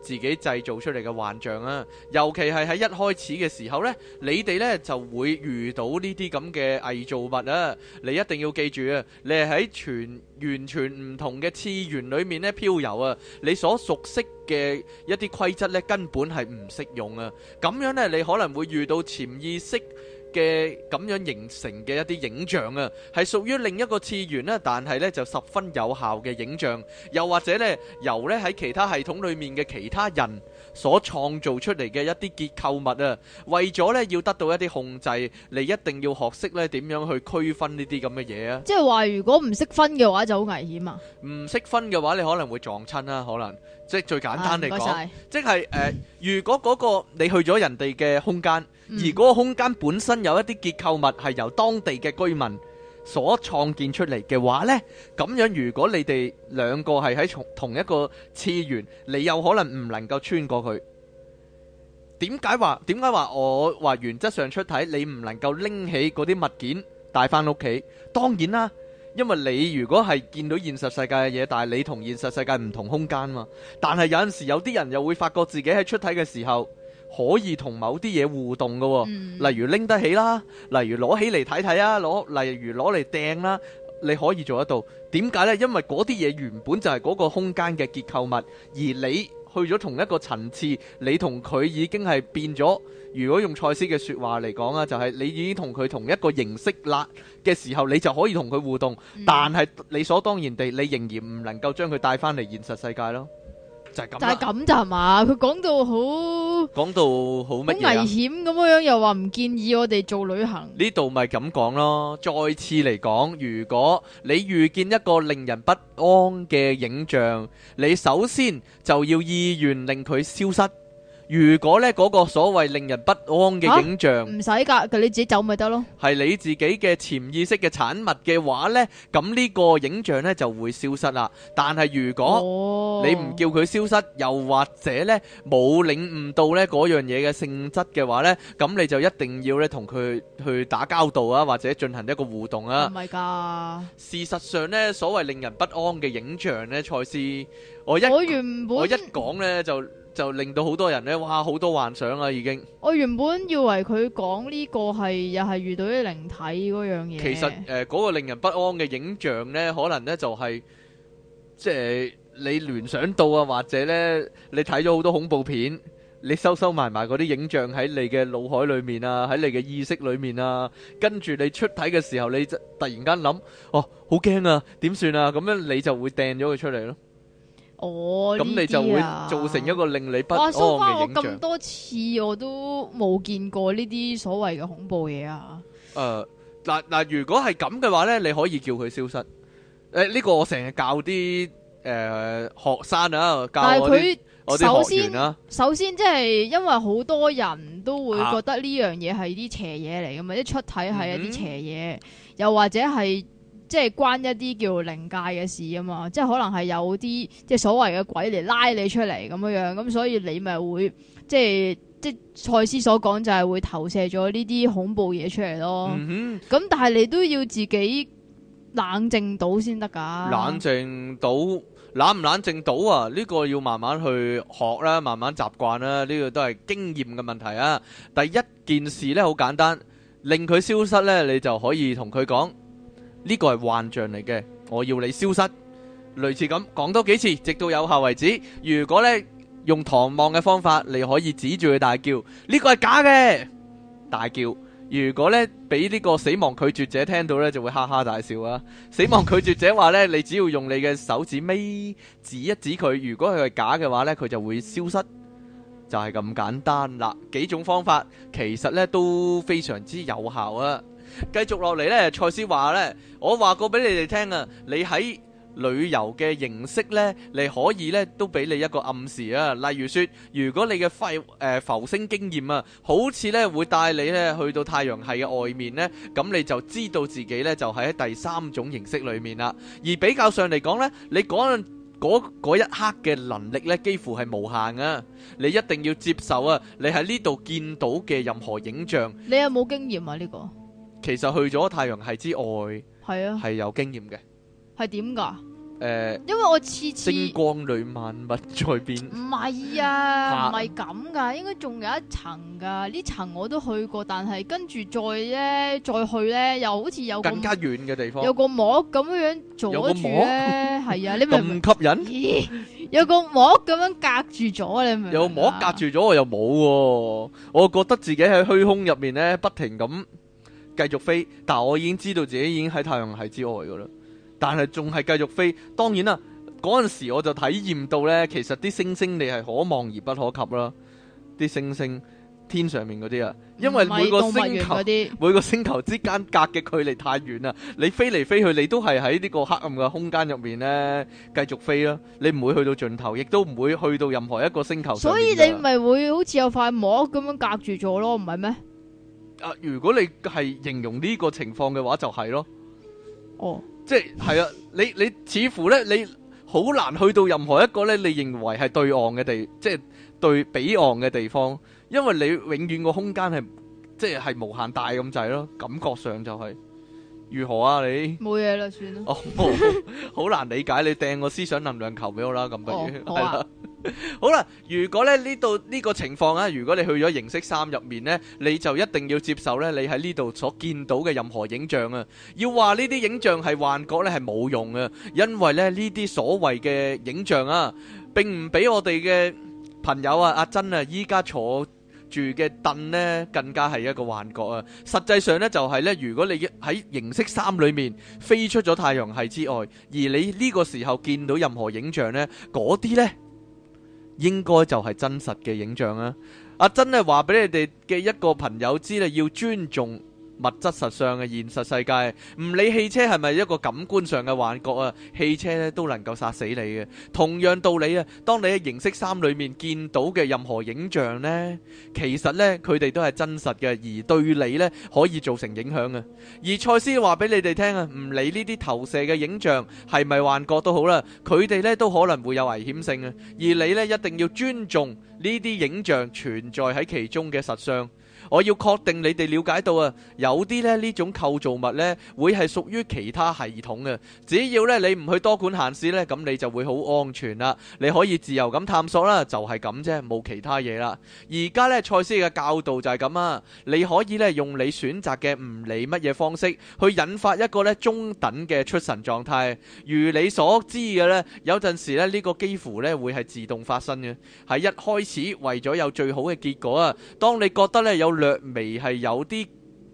自己製造出嚟嘅幻象啊，尤其係喺一開始嘅時候呢，你哋呢就會遇到呢啲咁嘅偽造物啊！你一定要記住啊，你係喺全完全唔同嘅次元裡面呢漂遊啊，你所熟悉嘅一啲規則呢，根本係唔適用啊！咁樣呢，你可能會遇到潛意識。嘅咁樣形成嘅一啲影像啊，係屬於另一個次元呢，但係呢，就十分有效嘅影像，又或者呢，由呢喺其他系統裏面嘅其他人。所創造出嚟嘅一啲結構物啊，為咗咧要得到一啲控制，你一定要學識咧點樣去區分呢啲咁嘅嘢啊！即係話，如果唔識分嘅話，就好危險啊！唔識分嘅話，你可能會撞親啊，可能即係最簡單嚟講，即係誒，如果嗰個你去咗人哋嘅空間，而嗰個空間本身有一啲結構物係由當地嘅居民。所創建出嚟嘅話呢，咁樣如果你哋兩個係喺同同一個次元，你有可能唔能夠穿過去。點解話？點解話？我話原則上出體，你唔能夠拎起嗰啲物件帶翻屋企。當然啦，因為你如果係見到現實世界嘅嘢，但係你同現實世界唔同空間嘛。但係有陣時有啲人又會發覺自己喺出體嘅時候。可以同某啲嘢互動嘅，哦，嗯、例如拎得起啦，例如攞起嚟睇睇啊，攞例如攞嚟掟啦，你可以做得到。點解呢？因為嗰啲嘢原本就係嗰個空間嘅結構物，而你去咗同一個層次，你同佢已經係變咗。如果用賽斯嘅說話嚟講啊，就係、是、你已經同佢同一個形式喇嘅時候，你就可以同佢互動。嗯、但係理所當然地，你仍然唔能夠將佢帶翻嚟現實世界咯。就係咁，就係咁，就係嘛。佢講到好，講到好乜嘢啊？好危險咁樣，又話唔建議我哋做旅行。呢度咪咁講咯。再次嚟講，如果你遇見一個令人不安嘅影像，你首先就要意願令佢消失。如果咧嗰個所謂令人不安嘅影像唔使噶，你自己走咪得咯？係你自己嘅潛意識嘅產物嘅話咧，咁呢個影像咧就會消失啦。但係如果你唔叫佢消失，又或者咧冇領悟到咧嗰樣嘢嘅性質嘅話咧，咁你就一定要咧同佢去打交道啊，或者進行一個互動啊。唔係噶，事實上咧，所謂令人不安嘅影像咧，蔡思，我一我原本我一講咧就。就令到好多人咧，哇！好多幻想啊，已經。我原本以為佢講呢個係又係遇到啲靈體嗰樣嘢。其實誒，嗰個令人不安嘅影像咧，可能咧就係即係你聯想到啊，或者咧你睇咗好多恐怖片，你收收埋埋嗰啲影像喺你嘅腦海裏面啊，喺你嘅意識裏面啊，跟住你出體嘅時候，你突然間諗，哦，好驚啊，點算啊？咁樣你就會掟咗佢出嚟咯。哦，咁你就會造成一個令你不安嘅影像。花、哦啊啊，我咁多次我都冇見過呢啲所謂嘅恐怖嘢啊。誒、呃，嗱、呃、嗱、呃，如果係咁嘅話咧，你可以叫佢消失。誒、呃，呢、呢個我成日教啲誒、呃、學生啊，教佢我啲學員，啦、啊。首先，即係因為好多人都會覺得呢樣嘢係啲邪嘢嚟嘅嘛，啊、一出體係一啲邪嘢，嗯、又或者係。即係關一啲叫靈界嘅事啊嘛，即係可能係有啲即係所謂嘅鬼嚟拉你出嚟咁樣，咁所以你咪會即係即賽斯所講就係會投射咗呢啲恐怖嘢出嚟咯。咁，嗯哼，但係你都要自己冷靜到先得噶。冷靜到冷唔冷靜到啊？呢個要慢慢去學啦，慢慢習慣啦。呢個都係經驗嘅問題啊。第一件事咧好簡單，令佢消失咧，你就可以同佢講。呢個係幻象嚟嘅，我要你消失，類似咁講多幾次，直到有效為止。如果呢，用唐望嘅方法，你可以指住佢大叫，呢個係假嘅，大叫。如果呢，俾呢個死亡拒絕者聽到呢，就會哈哈大笑啊。 (laughs) 死亡拒絕者話呢，你只要用你嘅手指尾指一指佢，如果佢係假嘅話呢，佢就會消失，就係咁簡單啦。幾種方法其實呢都非常之有效啊。繼續落嚟呢，賽斯話呢，我話過俾你哋聽啊，你喺旅遊嘅形式呢，你可以呢，都俾你一個暗示啊，例如說，如果你嘅飛，呃，浮升經驗啊，好似呢，會帶你呢去到太陽系嘅外面呢，咁你就知道自己呢，就喺第三種形式裏面啦，而比較上嚟講呢，你嗰嗰嗰一刻嘅能力呢，幾乎係無限啊，你一定要接受啊，你喺呢度見到嘅任何影像，你有冇經驗啊，呢個？其實去咗太陽系之外，係啊，係有經驗嘅。係點噶？誒，因為我次次星光裏萬物在變。唔係啊，唔係咁噶，應該仲有一層噶。呢層我都去過，但係跟住再咧，再去咧，又好似有個更加遠嘅地方。有個膜咁樣樣阻住咧，係啊，你咪咁吸引？有個膜咁樣隔住咗你咪。有膜隔住咗我又冇，我覺得自己喺虛空入面咧，不停咁。繼續飛，但我已經知道自己已經喺太陽系之外噶啦，但係仲係繼續飛。當然啦，嗰陣時我就體驗到呢，其實啲星星你係可望而不可及啦，啲星星天上面嗰啲啊，因為每個星球、每個星球之間隔嘅距離太遠啦，你飛嚟飛去，你都係喺呢個黑暗嘅空間入面呢，繼續飛啦，你唔會去到盡頭，亦都唔會去到任何一個星球上面，所以你咪會好似有塊膜咁樣隔住咗咯，唔係咩？啊、如果你係形容呢個情況嘅話，就係咯，哦、oh.，即係係啊！你，你似乎咧，你好難去到任何一個咧，你認為係對岸嘅地，即係對彼岸嘅地方，因為你永遠個空間係即係係無限大咁滯咯，感覺上就係，是。如何啊你？冇嘢啦，算啦。哦，好難理解，你掟個思想能量球俾我啦，咁不如係啦。好啦，如果咧呢度呢個情況啊，如果你去咗形式三入面咧，你就一定要接受咧，你喺呢度所見到嘅任何影像啊，要話呢啲影像係幻覺咧係冇用嘅，因為咧呢啲所謂嘅影像啊，並唔俾我哋嘅朋友啊，阿珍啊，依家坐住嘅凳呢更加係一個幻覺啊！實際上呢，就係呢：如果你喺形式三裏面飛出咗太陽系之外，而你呢個時候見到任何影像呢，嗰啲呢應該就係真實嘅影像啊！阿珍呢話俾你哋嘅一個朋友知呢要尊重。物質實相嘅現實世界，唔理汽車係咪一個感官上嘅幻覺啊，汽車咧都能夠殺死你嘅。同樣道理啊，當你喺形式三裏面見到嘅任何影像咧，其實咧佢哋都係真實嘅，而對你咧可以造成影響。而賽斯話俾你哋聽啊，唔理呢啲投射嘅影像係咪幻覺都好啦，佢哋咧都可能會有危險性啊。而你咧一定要尊重呢啲影像存在喺其中嘅實相。我要確定你哋了解到啊，有啲呢種構造物呢會係屬於其他系統嘅。只要呢你唔去多管閒事呢，咁你就會好安全啦。你可以自由咁探索啦，就係咁啫，冇其他嘢啦。而家呢，賽斯嘅教導就係咁啊。你可以呢用你選擇嘅唔理乜嘢方式，去引發一個呢中等嘅出神狀態。如你所知嘅呢，有陣時呢，呢個幾乎呢會係自動發生嘅，係一開始為咗有最好嘅結果啊。當你覺得呢有略微係有啲。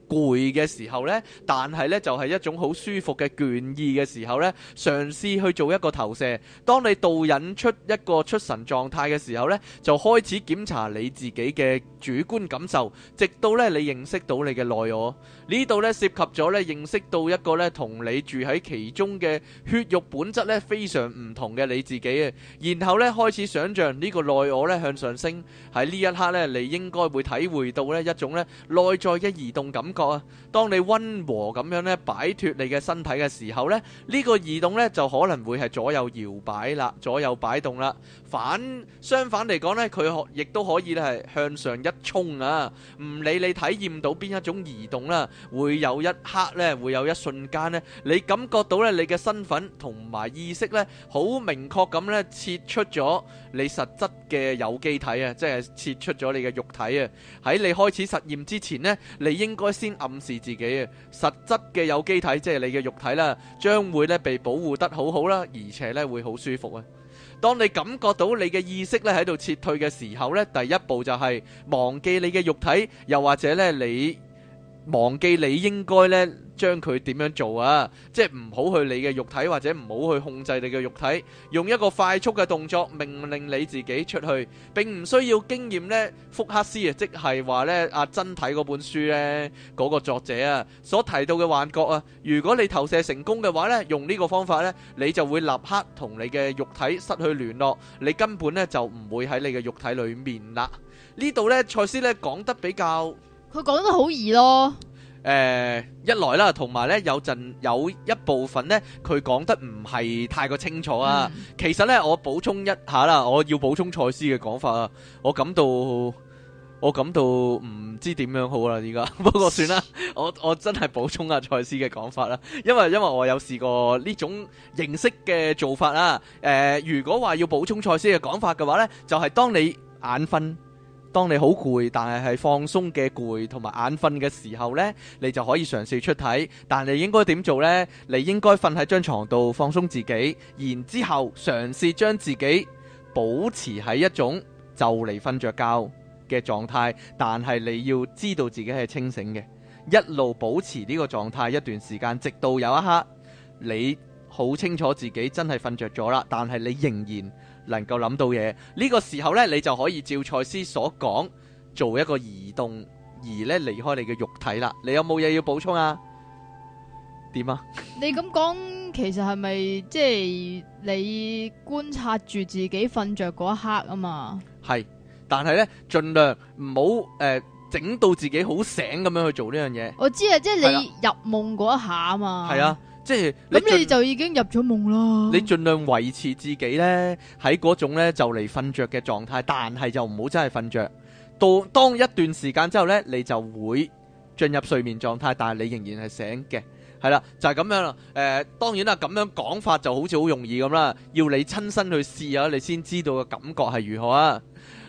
攰嘅時候咧，但係咧就係一種好舒服嘅倦意嘅時候咧，嘗試去做一個投射。當你導引出一個出神狀態嘅時候咧，就開始檢查你自己嘅主觀感受，直到咧你認識到你嘅內我。呢度咧涉及咗咧認識到一個咧同你住喺其中嘅血肉本質咧非常唔同嘅你自己啊。然後咧開始想象呢個內我咧向上升。喺呢一刻咧，你應該會體會到咧一種咧內在嘅移動感覺。覺啊！當你温和咁樣咧擺脫你嘅身體嘅時候呢，呢個移動呢，就可能會係左右搖擺啦，左右擺動啦。反相反嚟講呢，佢亦都可以咧係向上一衝啊！唔理你體驗到邊一種移動啦，會有一刻呢，會有一瞬間呢，你感覺到呢，你嘅身份同埋意識呢，好明確咁呢，切出咗你實質嘅有機體啊，即係切出咗你嘅肉體啊！喺你開始實驗之前呢，你應該先。先暗示自己啊，實質嘅有機體，即係你嘅肉體啦，將會咧被保護得好好啦，而且咧會好舒服啊。當你感覺到你嘅意識咧喺度撤退嘅時候咧，第一步就係忘記你嘅肉體，又或者咧你。忘記你應該咧，將佢點樣做啊！即係唔好去你嘅肉體，或者唔好去控制你嘅肉體，用一個快速嘅動作命令你自己出去。並唔需要經驗咧，福克斯啊，即係話咧，阿真睇嗰本書咧，嗰個作者啊，所提到嘅幻覺啊，如果你投射成功嘅話咧，用呢個方法咧，你就會立刻同你嘅肉體失去聯絡，你根本咧就唔會喺你嘅肉體裏面啦。呢度咧，蔡司咧講得比較。佢講得好易咯，誒、呃，一來啦，同埋咧有陣有，有一部分咧，佢講得唔係太過清楚啊。嗯、其實咧，我補充一下啦，我要補充賽斯嘅講法啊。我感到我感到唔知點樣好啦，而家 (laughs) 不過算啦，我我真係補充阿賽斯嘅講法啦。因為因為我有試過呢種形式嘅做法啦，誒、呃，如果要補話要補充賽斯嘅講法嘅話咧，就係、是、當你眼瞓。當你好攰，但係係放鬆嘅攰，同埋眼瞓嘅時候呢，你就可以嘗試出體。但係應該點做呢？你應該瞓喺張床度放鬆自己，然之後嘗試將自己保持喺一種就嚟瞓着覺嘅狀態。但係你要知道自己係清醒嘅，一路保持呢個狀態一段時間，直到有一刻你好清楚自己真係瞓着咗啦。但係你仍然能夠諗到嘢呢，呢個時候呢，你就可以照賽斯所講，做一個移動而咧離開你嘅肉體啦。你有冇嘢要補充啊？點啊？你咁講其實係咪即係你觀察住自己瞓着嗰一刻啊嘛？係，但係呢，儘量唔好誒整到自己好醒咁樣去做呢樣嘢。我知啊，即係你入夢嗰一下啊嘛。係啊。即係，咁你就已經入咗夢啦。你盡量維持自己呢喺嗰種呢就嚟瞓著嘅狀態，但係就唔好真係瞓著。到當一段時間之後呢，你就會進入睡眠狀態，但係你仍然係醒嘅。係啦，就係咁樣啦。誒，當然啦，咁樣講法就好似好容易咁啦，要你親身去試下，你先知道嘅感覺係如何啊。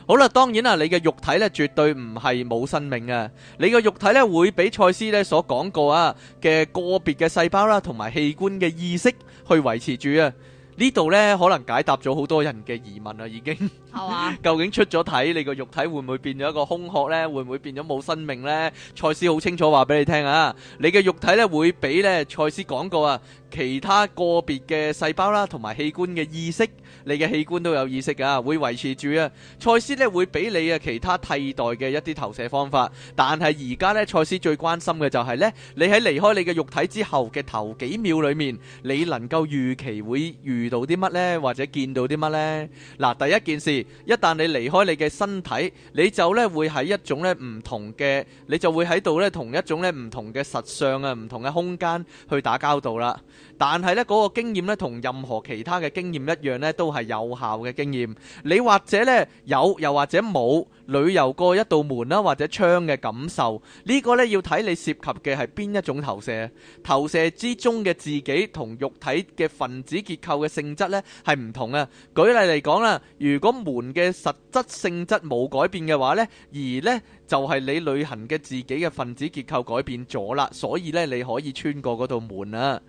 好啦，當然啊，你嘅肉體咧，絕對唔係冇生命啊。你嘅肉體咧，會畀賽斯咧所講過啊嘅個別嘅細胞啦，同埋器官嘅意識去維持住啊。呢度咧可能解答咗好多人嘅疑問啦，已經。係啊。究竟出咗體，你個肉體會唔會變咗一個空殼咧？會唔會變咗冇生命咧？賽斯好清楚話俾你聽啊！你嘅肉體咧會俾咧賽斯講過啊，其他個別嘅細胞啦，同埋器官嘅意識，你嘅器官都有意識㗎，會維持住啊。賽斯咧會俾你啊其他替代嘅一啲投射方法，但係而家咧賽斯最關心嘅就係咧，你喺離開你嘅肉體之後嘅頭幾秒裏面，你能夠預期會預遇到啲乜呢？或者見到啲乜呢？嗱，第一件事，一旦你離開你嘅身體，你就呢會喺一種呢唔同嘅，你就會喺度呢同一種呢唔同嘅實相啊，唔同嘅空間去打交道啦。但係呢嗰個經驗呢，同任何其他嘅經驗一樣呢都係有效嘅經驗。你或者呢，有，又或者冇旅遊過一道門啦，或者窗嘅感受呢、呢個呢，要睇你涉及嘅係邊一種投射。投射之中嘅自己同肉體嘅分子結構嘅性質呢，係唔同啊。舉例嚟講啦，如果門嘅實質性質冇改變嘅話呢，而呢，就係你旅行嘅自己嘅分子結構改變咗啦，所以呢，你可以穿過嗰道門啊。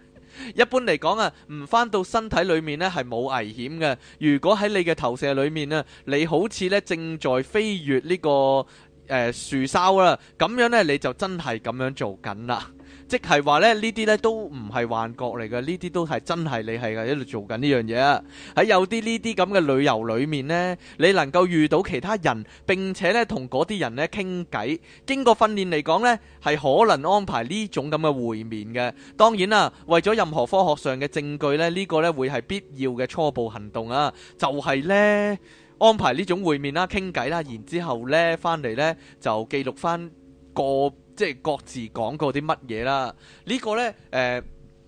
一般嚟講啊，唔返到身體裏面咧係冇危險嘅。如果喺你嘅投射裏面啊，你好似咧正在飛越呢、這個誒、呃、樹梢啦，咁樣咧你就真係咁樣做緊啦。即係話咧，呢啲咧都唔係幻覺嚟㗎，呢啲都係真係你係喺度做緊呢樣嘢啊。喺有啲呢啲咁嘅旅遊裏面呢，你能夠遇到其他人，並且咧同嗰啲人咧傾偈。經過訓練嚟講呢，係可能安排呢種咁嘅會面嘅。當然啦，為咗任何科學上嘅證據呢，呢個呢會係必要嘅初步行動啊。就係呢安排呢種會面啦，傾偈啦，然之後呢翻嚟呢，就記錄翻個。即係各自講過啲乜嘢啦？呢、這個呢，誒、呃，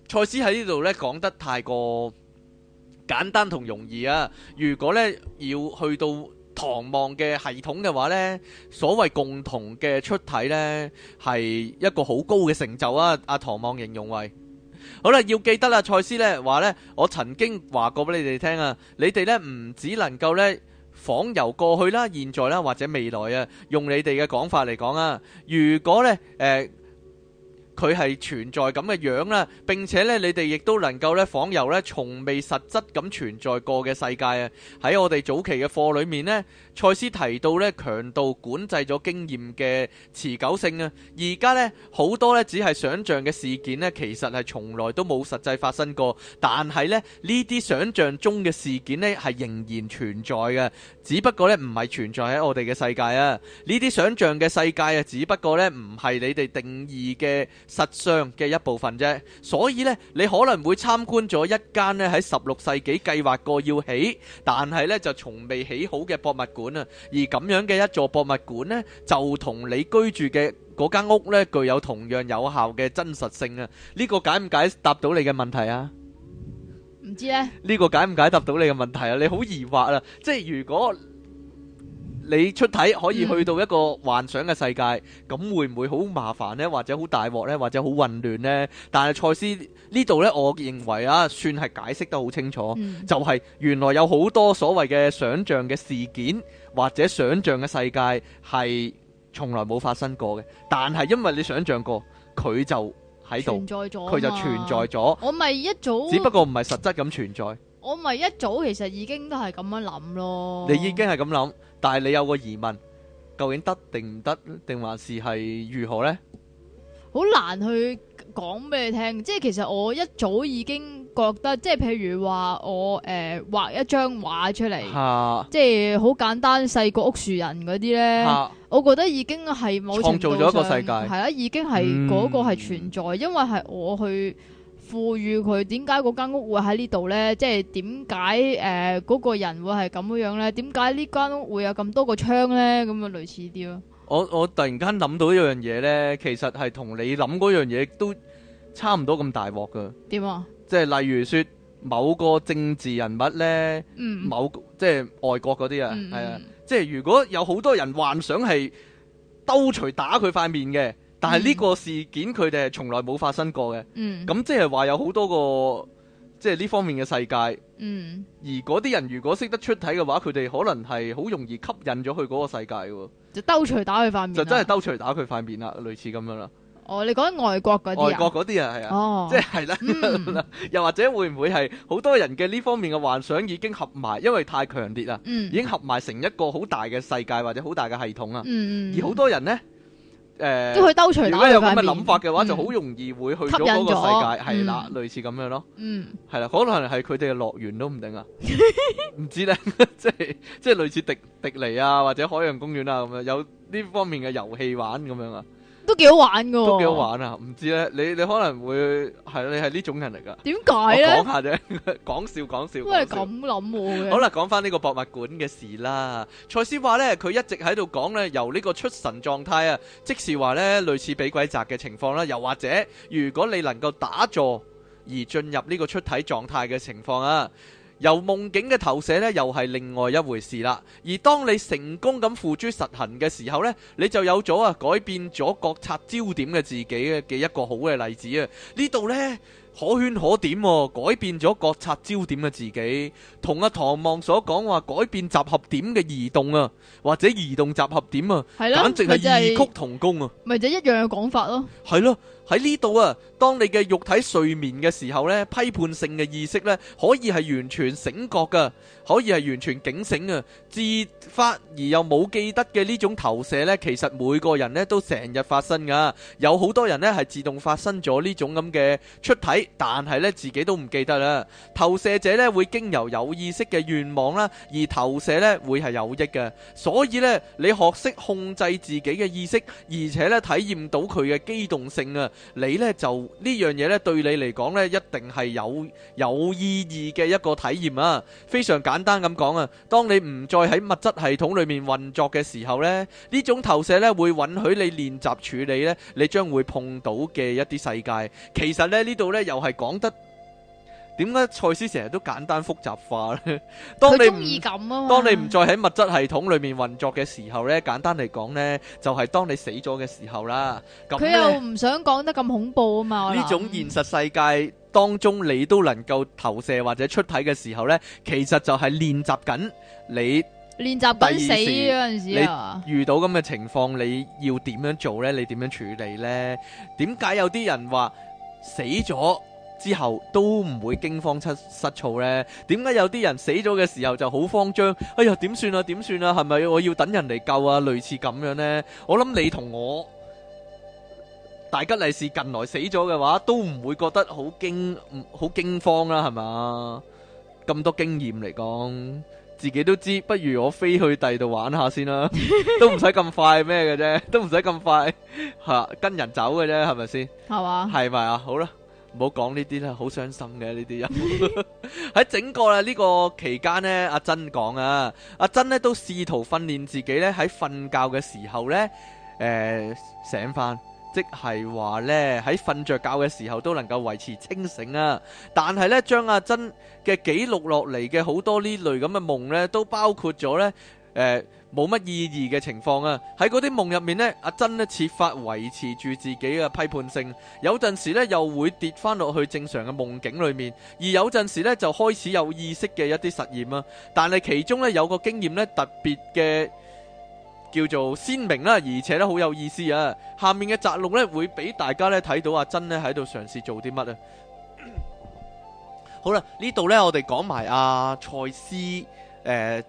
賽斯喺呢度呢講得太過簡單同容易啊！如果呢要去到唐望嘅系統嘅話呢，所謂共同嘅出體呢，係一個好高嘅成就啊！阿、啊、唐望形容為好啦，要記得啦，賽斯呢話呢，「我曾經話過俾你哋聽啊，你哋呢唔只能夠呢。」仿遊過去啦、現在啦或者未來啊，用你哋嘅講法嚟講啊，如果呢，誒佢係存在咁嘅樣啦，並且呢，你哋亦都能夠呢仿遊呢從未實質咁存在過嘅世界啊，喺我哋早期嘅課裏面呢。賽斯提到咧強度管制咗經驗嘅持久性啊，而家咧好多咧只係想象嘅事件咧，其實係從來都冇實際發生過，但係咧呢啲想象中嘅事件咧係仍然存在嘅，只不過咧唔係存在喺我哋嘅世界啊。呢啲想象嘅世界啊，只不過咧唔係你哋定義嘅實相嘅一部分啫。所以咧你可能會參觀咗一間咧喺十六世紀計劃過要起，但係咧就從未起好嘅博物館。館啊，而咁樣嘅一座博物館咧，就同你居住嘅嗰間屋咧，具有同樣有效嘅真實性啊！呢個解唔解答到你嘅問題啊？唔知咧，呢個解唔解答到你嘅問題啊？你好疑惑啊！即係如果。你出體可以去到一個幻想嘅世界，咁會唔會好麻煩呢？或者好大鑊呢？或者好混亂呢？但係賽斯呢度呢，我認為啊，算係解釋得好清楚，就係原來有好多所謂嘅想像嘅事件或者想像嘅世界係從來冇發生過嘅。但係因為你想像過，佢就喺度存在咗，佢就存在咗。我咪一早，只不過唔係實質咁存在。我咪一早其實已經都係咁樣諗咯。你已經係咁諗。但係你有個疑問，究竟得定唔得，定還是係如何呢？好難去講俾你聽。即係其實我一早已經覺得，即係譬如話我誒、呃、畫一張畫出嚟，啊、即係好簡單，細個屋樹人嗰啲呢，啊、我覺得已經係某程度上創造咗一個世界，係啊，已經係嗰個係存在，嗯、因為係我去。賦予佢，點解嗰間屋會喺呢度呢？即係點解誒嗰個人會係咁樣樣呢？點解呢間屋會有咁多個窗呢？咁啊類似啲咯。我我突然間諗到一樣嘢呢，其實係同你諗嗰樣嘢都差唔多咁大鑊噶。點啊？即係例如說某個政治人物呢，嗯、某即係外國嗰啲啊，係、嗯、啊，即係如果有好多人幻想係兜錘打佢塊面嘅。但係呢個事件，佢哋係從來冇發生過嘅。嗯，咁即係話有好多個即係呢方面嘅世界。嗯，而嗰啲人如果識得出體嘅話，佢哋可能係好容易吸引咗去嗰個世界喎。就兜捶打佢塊面。就真係兜捶打佢塊面啦，啊、類似咁樣啦。哦，你講緊外國嗰啲外國嗰啲人係啊。哦。即係係啦。嗯、 (laughs) 又或者會唔會係好多人嘅呢方面嘅幻想已經合埋，因為太強烈啦。嗯、已經合埋成一個好大嘅世界或者好大嘅系統啊。嗯、而好多人呢，誒，呃、兜打如果有咁嘅諗法嘅話，嗯、就好容易會去咗嗰個世界，係啦，了嗯、類似咁樣咯。嗯，係啦，可能係佢哋嘅樂園都唔定啊，唔 (laughs) 知咧，即係即係類似迪迪尼啊，或者海洋公園啊咁樣，有呢方面嘅遊戲玩咁樣啊。都幾好玩噶，哦，都幾好玩啊！唔知咧，你你可能會係你係呢種人嚟噶？點解咧？講下啫，講笑講笑。咁諗嘅。 (laughs) 好啦，講翻呢個博物館嘅事啦。賽斯話咧，佢一直喺度講咧，由呢個出神狀態啊，即是話咧類似俾鬼砸嘅情況啦，啊，又或者如果你能夠打坐而進入呢個出體狀態嘅情況啊。由夢境嘅投射咧，又係另外一回事啦。而當你成功咁付諸實行嘅時候呢，你就有咗啊改變咗覺察焦點嘅自己嘅一個好嘅例子啊！呢度呢。可圈可點，改變咗覺察焦點嘅自己，同阿唐望所講話改變集合點嘅移動啊，或者移動集合點啊，係啦，簡直係異曲同工啊！咪就一樣嘅講法咯。係咯，喺呢度啊，當你嘅肉體睡眠嘅時候咧，批判性嘅意識咧，可以係完全醒覺嘅，可以係完全警醒啊，自發而又冇記得嘅呢種投射咧，其實每個人咧都成日發生噶，有好多人咧係自動發生咗呢種咁嘅出體。但係咧，自己都唔記得啦。投射者咧會經由有意識嘅願望啦，而投射咧會係有益嘅。所以咧，你學識控制自己嘅意識，而且咧體驗到佢嘅機動性啊，你咧就，呢樣嘢咧對你嚟講咧一定係有有意義嘅一個體驗啊。非常簡單咁講啊，當你唔再喺物質系統裏面運作嘅時候咧，呢種投射咧會允許你練習處理咧你將會碰到嘅一啲世界。其實咧呢度咧又係講得點解賽斯成日都簡單複雜化咧？當你唔當你唔再喺物質系統裏面運作嘅時候咧，簡單嚟講咧，就係、是、當你死咗嘅時候啦。佢又唔想講得咁恐怖啊嘛？呢種現實世界當中，你都能夠投射或者出體嘅時候咧，嗯、其實就係練習緊，你練習緊死嗰陣時啊！你遇到咁嘅情況，你要點樣做咧？你點樣處理咧？點解有啲人話？死咗之後都唔會驚慌失失措呢？點解有啲人死咗嘅時候就好慌張？哎呀，點算啊？點算啊？係咪我要等人嚟救啊？類似咁樣呢？我諗你同我大吉利是近來死咗嘅話，都唔會覺得好驚好驚慌啦，係咪啊？咁多經驗嚟講。自己都知，不如我飛去第二度玩下先啦，都唔使咁快咩嘅啫，都唔使咁快，係啦，跟人走嘅啫，係咪先？係嘛？係咪啊？好啦，唔好講呢啲啦，好傷心嘅呢啲人。喺整個呢個期間呢，阿珍講啊，阿珍呢都試圖訓練自己呢喺瞓覺嘅時候呢，誒醒返。即係話呢，喺瞓着覺嘅時候都能夠維持清醒啊！但係呢，將阿珍嘅記錄落嚟嘅好多呢類咁嘅夢呢，都包括咗呢、呃、冇乜意義嘅情況啊！喺嗰啲夢入面呢，阿珍呢設法維持住自己嘅批判性，有陣時呢，又會跌翻落去正常嘅夢境裏面，而有陣時呢，就開始有意識嘅一啲實驗啊！但係其中呢，有個經驗呢，特別嘅。叫做鮮明啦，而且咧好有意思啊！下面嘅摘錄咧會俾大家咧睇到阿珍咧喺度嘗試做啲乜啊！咳咳好啦，呢度呢，我哋講埋阿蔡司誒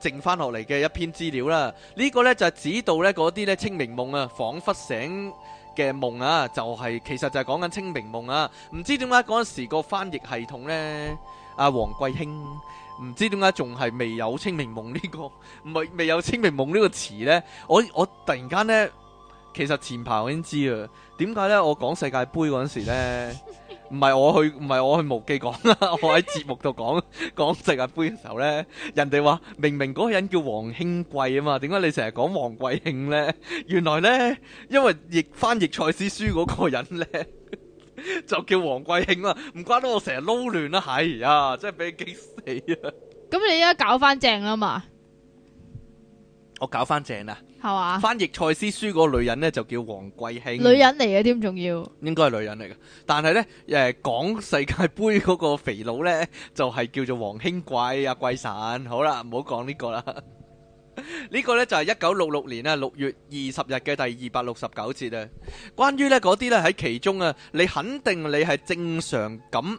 剩翻落嚟嘅一篇資料啦、啊。呢、這個呢，就係、是、指導呢嗰啲呢清明夢啊，彷彿醒嘅夢啊，就係、是、其實就係講緊清明夢啊！唔知點解嗰陣時個翻譯系統呢，阿、啊、黃貴興。唔知點解仲係未有清明夢呢個，唔係未有清明夢呢個詞呢，我我突然間呢，其實前排我已經知啊。點解呢，我講世界杯嗰陣時呢，唔係我去，唔係我去無記講啦。我喺節目度講講世界杯嘅時候呢，人哋話明明嗰個人叫黃興貴啊嘛，點解你成日講黃貴興呢？原來呢，因為譯翻譯賽斯書嗰個人呢 (laughs) (laughs) 就叫黃貴興啦，唔怪得我成日撈亂啦，係、哎、啊，真係俾你激死啊！咁你而家搞翻正啦嘛？我搞正了嗎翻正啊，係嘛？翻譯賽斯書嗰個女人呢，就叫黃貴興，女人嚟嘅添，仲要應該係女人嚟嘅。但係呢，誒，講世界杯嗰個肥佬呢，就係、是、叫做黃興貴啊，貴神，好啦，唔好講呢個啦。 (laughs) 呢 (laughs) 個呢就係一九六六年啊六月二十日嘅第二百六十九節啊，關於呢嗰啲呢，喺其中啊，你肯定你係正常咁。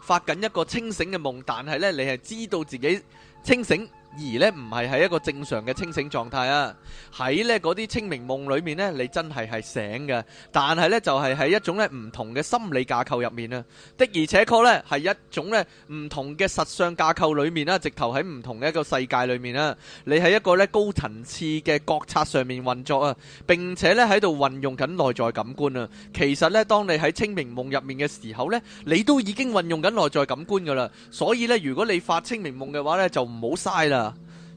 發緊一個清醒嘅夢，但係咧，你係知道自己清醒。而咧，唔係喺一個正常嘅清醒狀態啊，喺咧，嗰啲清明夢裏面咧，你真係係醒嘅，但係咧就係喺一種咧唔同嘅心理架構入面啊，的而且確咧係一種咧唔同嘅實相架構裏面啦，直頭喺唔同嘅一個世界裏面啦，你喺一個咧高層次嘅覺察上面運作啊，並且咧喺度運用緊內在感官啊，其實咧當你喺清明夢入面嘅時候咧，你都已經運用緊內在感官噶啦，所以咧如果你發清明夢嘅話咧，就唔好嘥啦。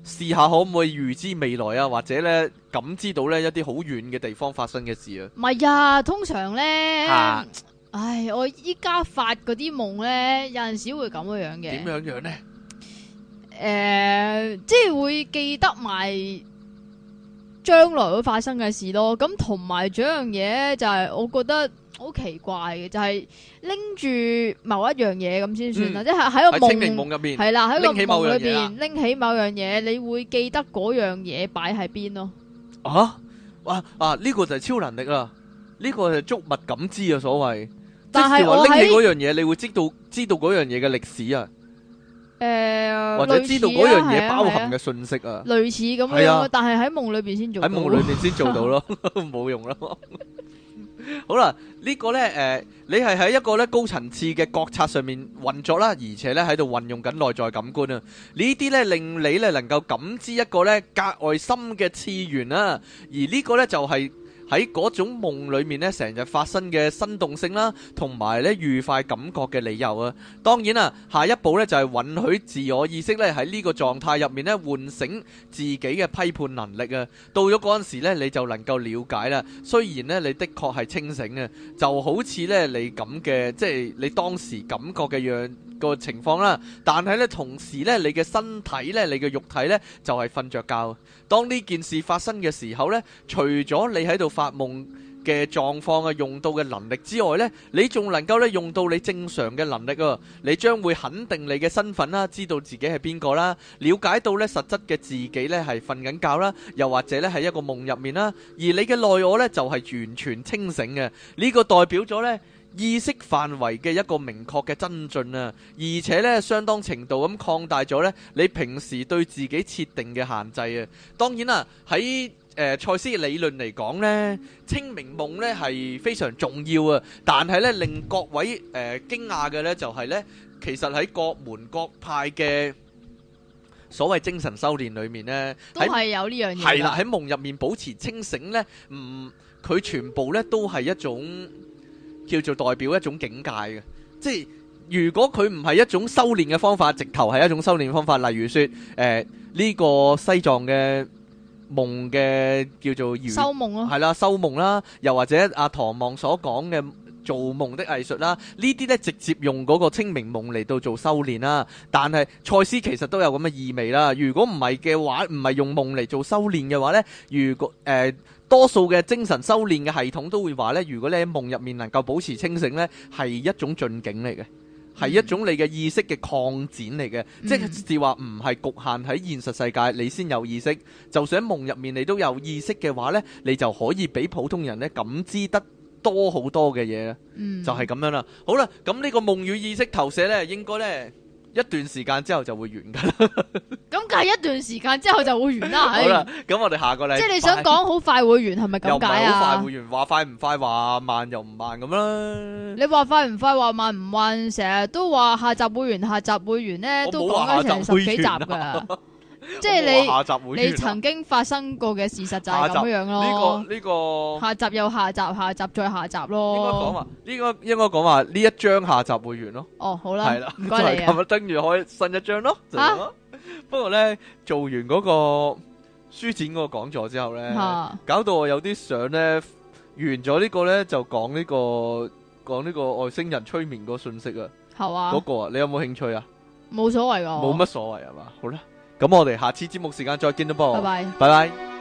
試下可唔可以預知未來啊，或者咧感知到咧一啲好遠嘅地方發生嘅事啊？唔係啊，通常咧，啊、唉，我依家發嗰啲夢咧，有陣時會咁樣樣嘅。點樣樣咧？誒，即係會記得埋將來會發生嘅事咯。咁同埋仲一樣嘢，就係我覺得。好奇怪嘅，就係拎住某一樣嘢咁先算啦，即係喺個夢夢入邊係啦，喺個夢裏邊拎起某樣嘢，你會記得嗰樣嘢擺喺邊咯。啊，哇啊，呢個就係超能力啦，呢個係觸物感知啊，所謂。但係話拎起嗰樣嘢，你會知道知道嗰樣嘢嘅歷史啊。誒，或者知道嗰樣嘢包含嘅信息啊。類似咁樣，但係喺夢裏邊先做喺夢裏邊先做到咯，冇用咯。好啦，呢、呢個呢，誒、呃，你係喺一個呢高層次嘅覺察上面運作啦，而且呢喺度運用緊內在感官啊，呢啲呢令你呢能夠感知一個呢格外深嘅次元啦，而呢個呢就係、是。喺嗰種夢裏面咧，成日發生嘅生動性啦，同埋咧愉快感覺嘅理由啊。當然啦，下一步咧就係允許自我意識咧喺呢個狀態入面咧，喚醒自己嘅批判能力啊。到咗嗰陣時咧，你就能夠了解啦。雖然咧，你的確係清醒啊，就好似咧你咁嘅，即係你當時感覺嘅樣，個情況啦，但係咧，同時咧，你嘅身體咧，你嘅肉體咧，就係瞓着覺。當呢件事發生嘅時候咧，除咗你喺度發夢嘅狀況啊，用到嘅能力之外咧，你仲能夠咧用到你正常嘅能力啊，你將會肯定你嘅身份啦，知道自己係邊個啦，了解到咧實質嘅自己咧係瞓緊覺啦，又或者咧喺一個夢入面啦，而你嘅內我咧就係完全清醒嘅，呢個代表咗咧。意識範圍嘅一個明確嘅增進啊，而且呢相當程度咁擴大咗呢你平時對自己設定嘅限制啊。當然啦、啊，喺誒賽斯嘅理論嚟講呢，清明夢呢係非常重要啊。但係呢，令各位誒、呃、驚訝嘅呢就係、是、呢，其實喺各門各派嘅所謂精神修練裡面呢，都係有呢樣嘢。係啦，喺夢入面保持清醒呢，唔、嗯、佢全部呢都係一種。叫做代表一種境界嘅，即係如果佢唔係一種修練嘅方法，直頭係一種修練方法。例如說，誒、呃、呢、這個西藏嘅夢嘅叫做修夢咯、啊，係啦，修夢啦，又或者阿、啊、唐望所講嘅做夢的藝術啦，呢啲呢，直接用嗰個清明夢嚟到做修練啦。但係賽斯其實都有咁嘅意味啦。如果唔係嘅話，唔係用夢嚟做修練嘅話呢，如果誒，呃多數嘅精神修煉嘅系統都會話咧，如果你喺夢入面能夠保持清醒咧，係一種進境嚟嘅，係一種你嘅意識嘅擴展嚟嘅，即是話唔係局限喺現實世界你先有意識，就算喺夢入面你都有意識嘅話咧，你就可以比普通人咧感知得多好多嘅嘢，就係咁樣啦。好啦，咁呢個夢與意識投射咧，應該咧。一段時間之後就會完㗎，咁隔一段時間之後就會完啦。 (laughs) 好啦，咁我哋下個禮，嗯、即係你想講好快會完係咪咁解啊？又唔係好快會完，話、 (laughs) 啊、快唔快話慢又唔慢咁啦。你話快唔快話慢唔慢，成日都話下集會完下集會完咧，完都講緊成十幾集㗎。 (laughs) 即係你下集會、啊、你曾經發生過嘅事實就係咁樣咯。呢、呢個呢、呢個下集又下集，下集再下集咯，應該講下。應該講話呢個應該講話呢一張下，下集會完咯。哦，好啦，係啦了，唔該你啊。咪登住可以信一張咯。吓，啊、不過咧，做完嗰個書展嗰個講座之後咧，啊、搞到我有啲想咧完咗呢講、呢個咧就講呢個講呢個外星人催眠個訊息吧、嗰個信息啊。係啊，嗰個啊，你有冇興趣啊？冇所謂噶，冇乜所謂係嘛？好啦。咁我哋下次節目時間再見啦，噃，拜拜，拜拜。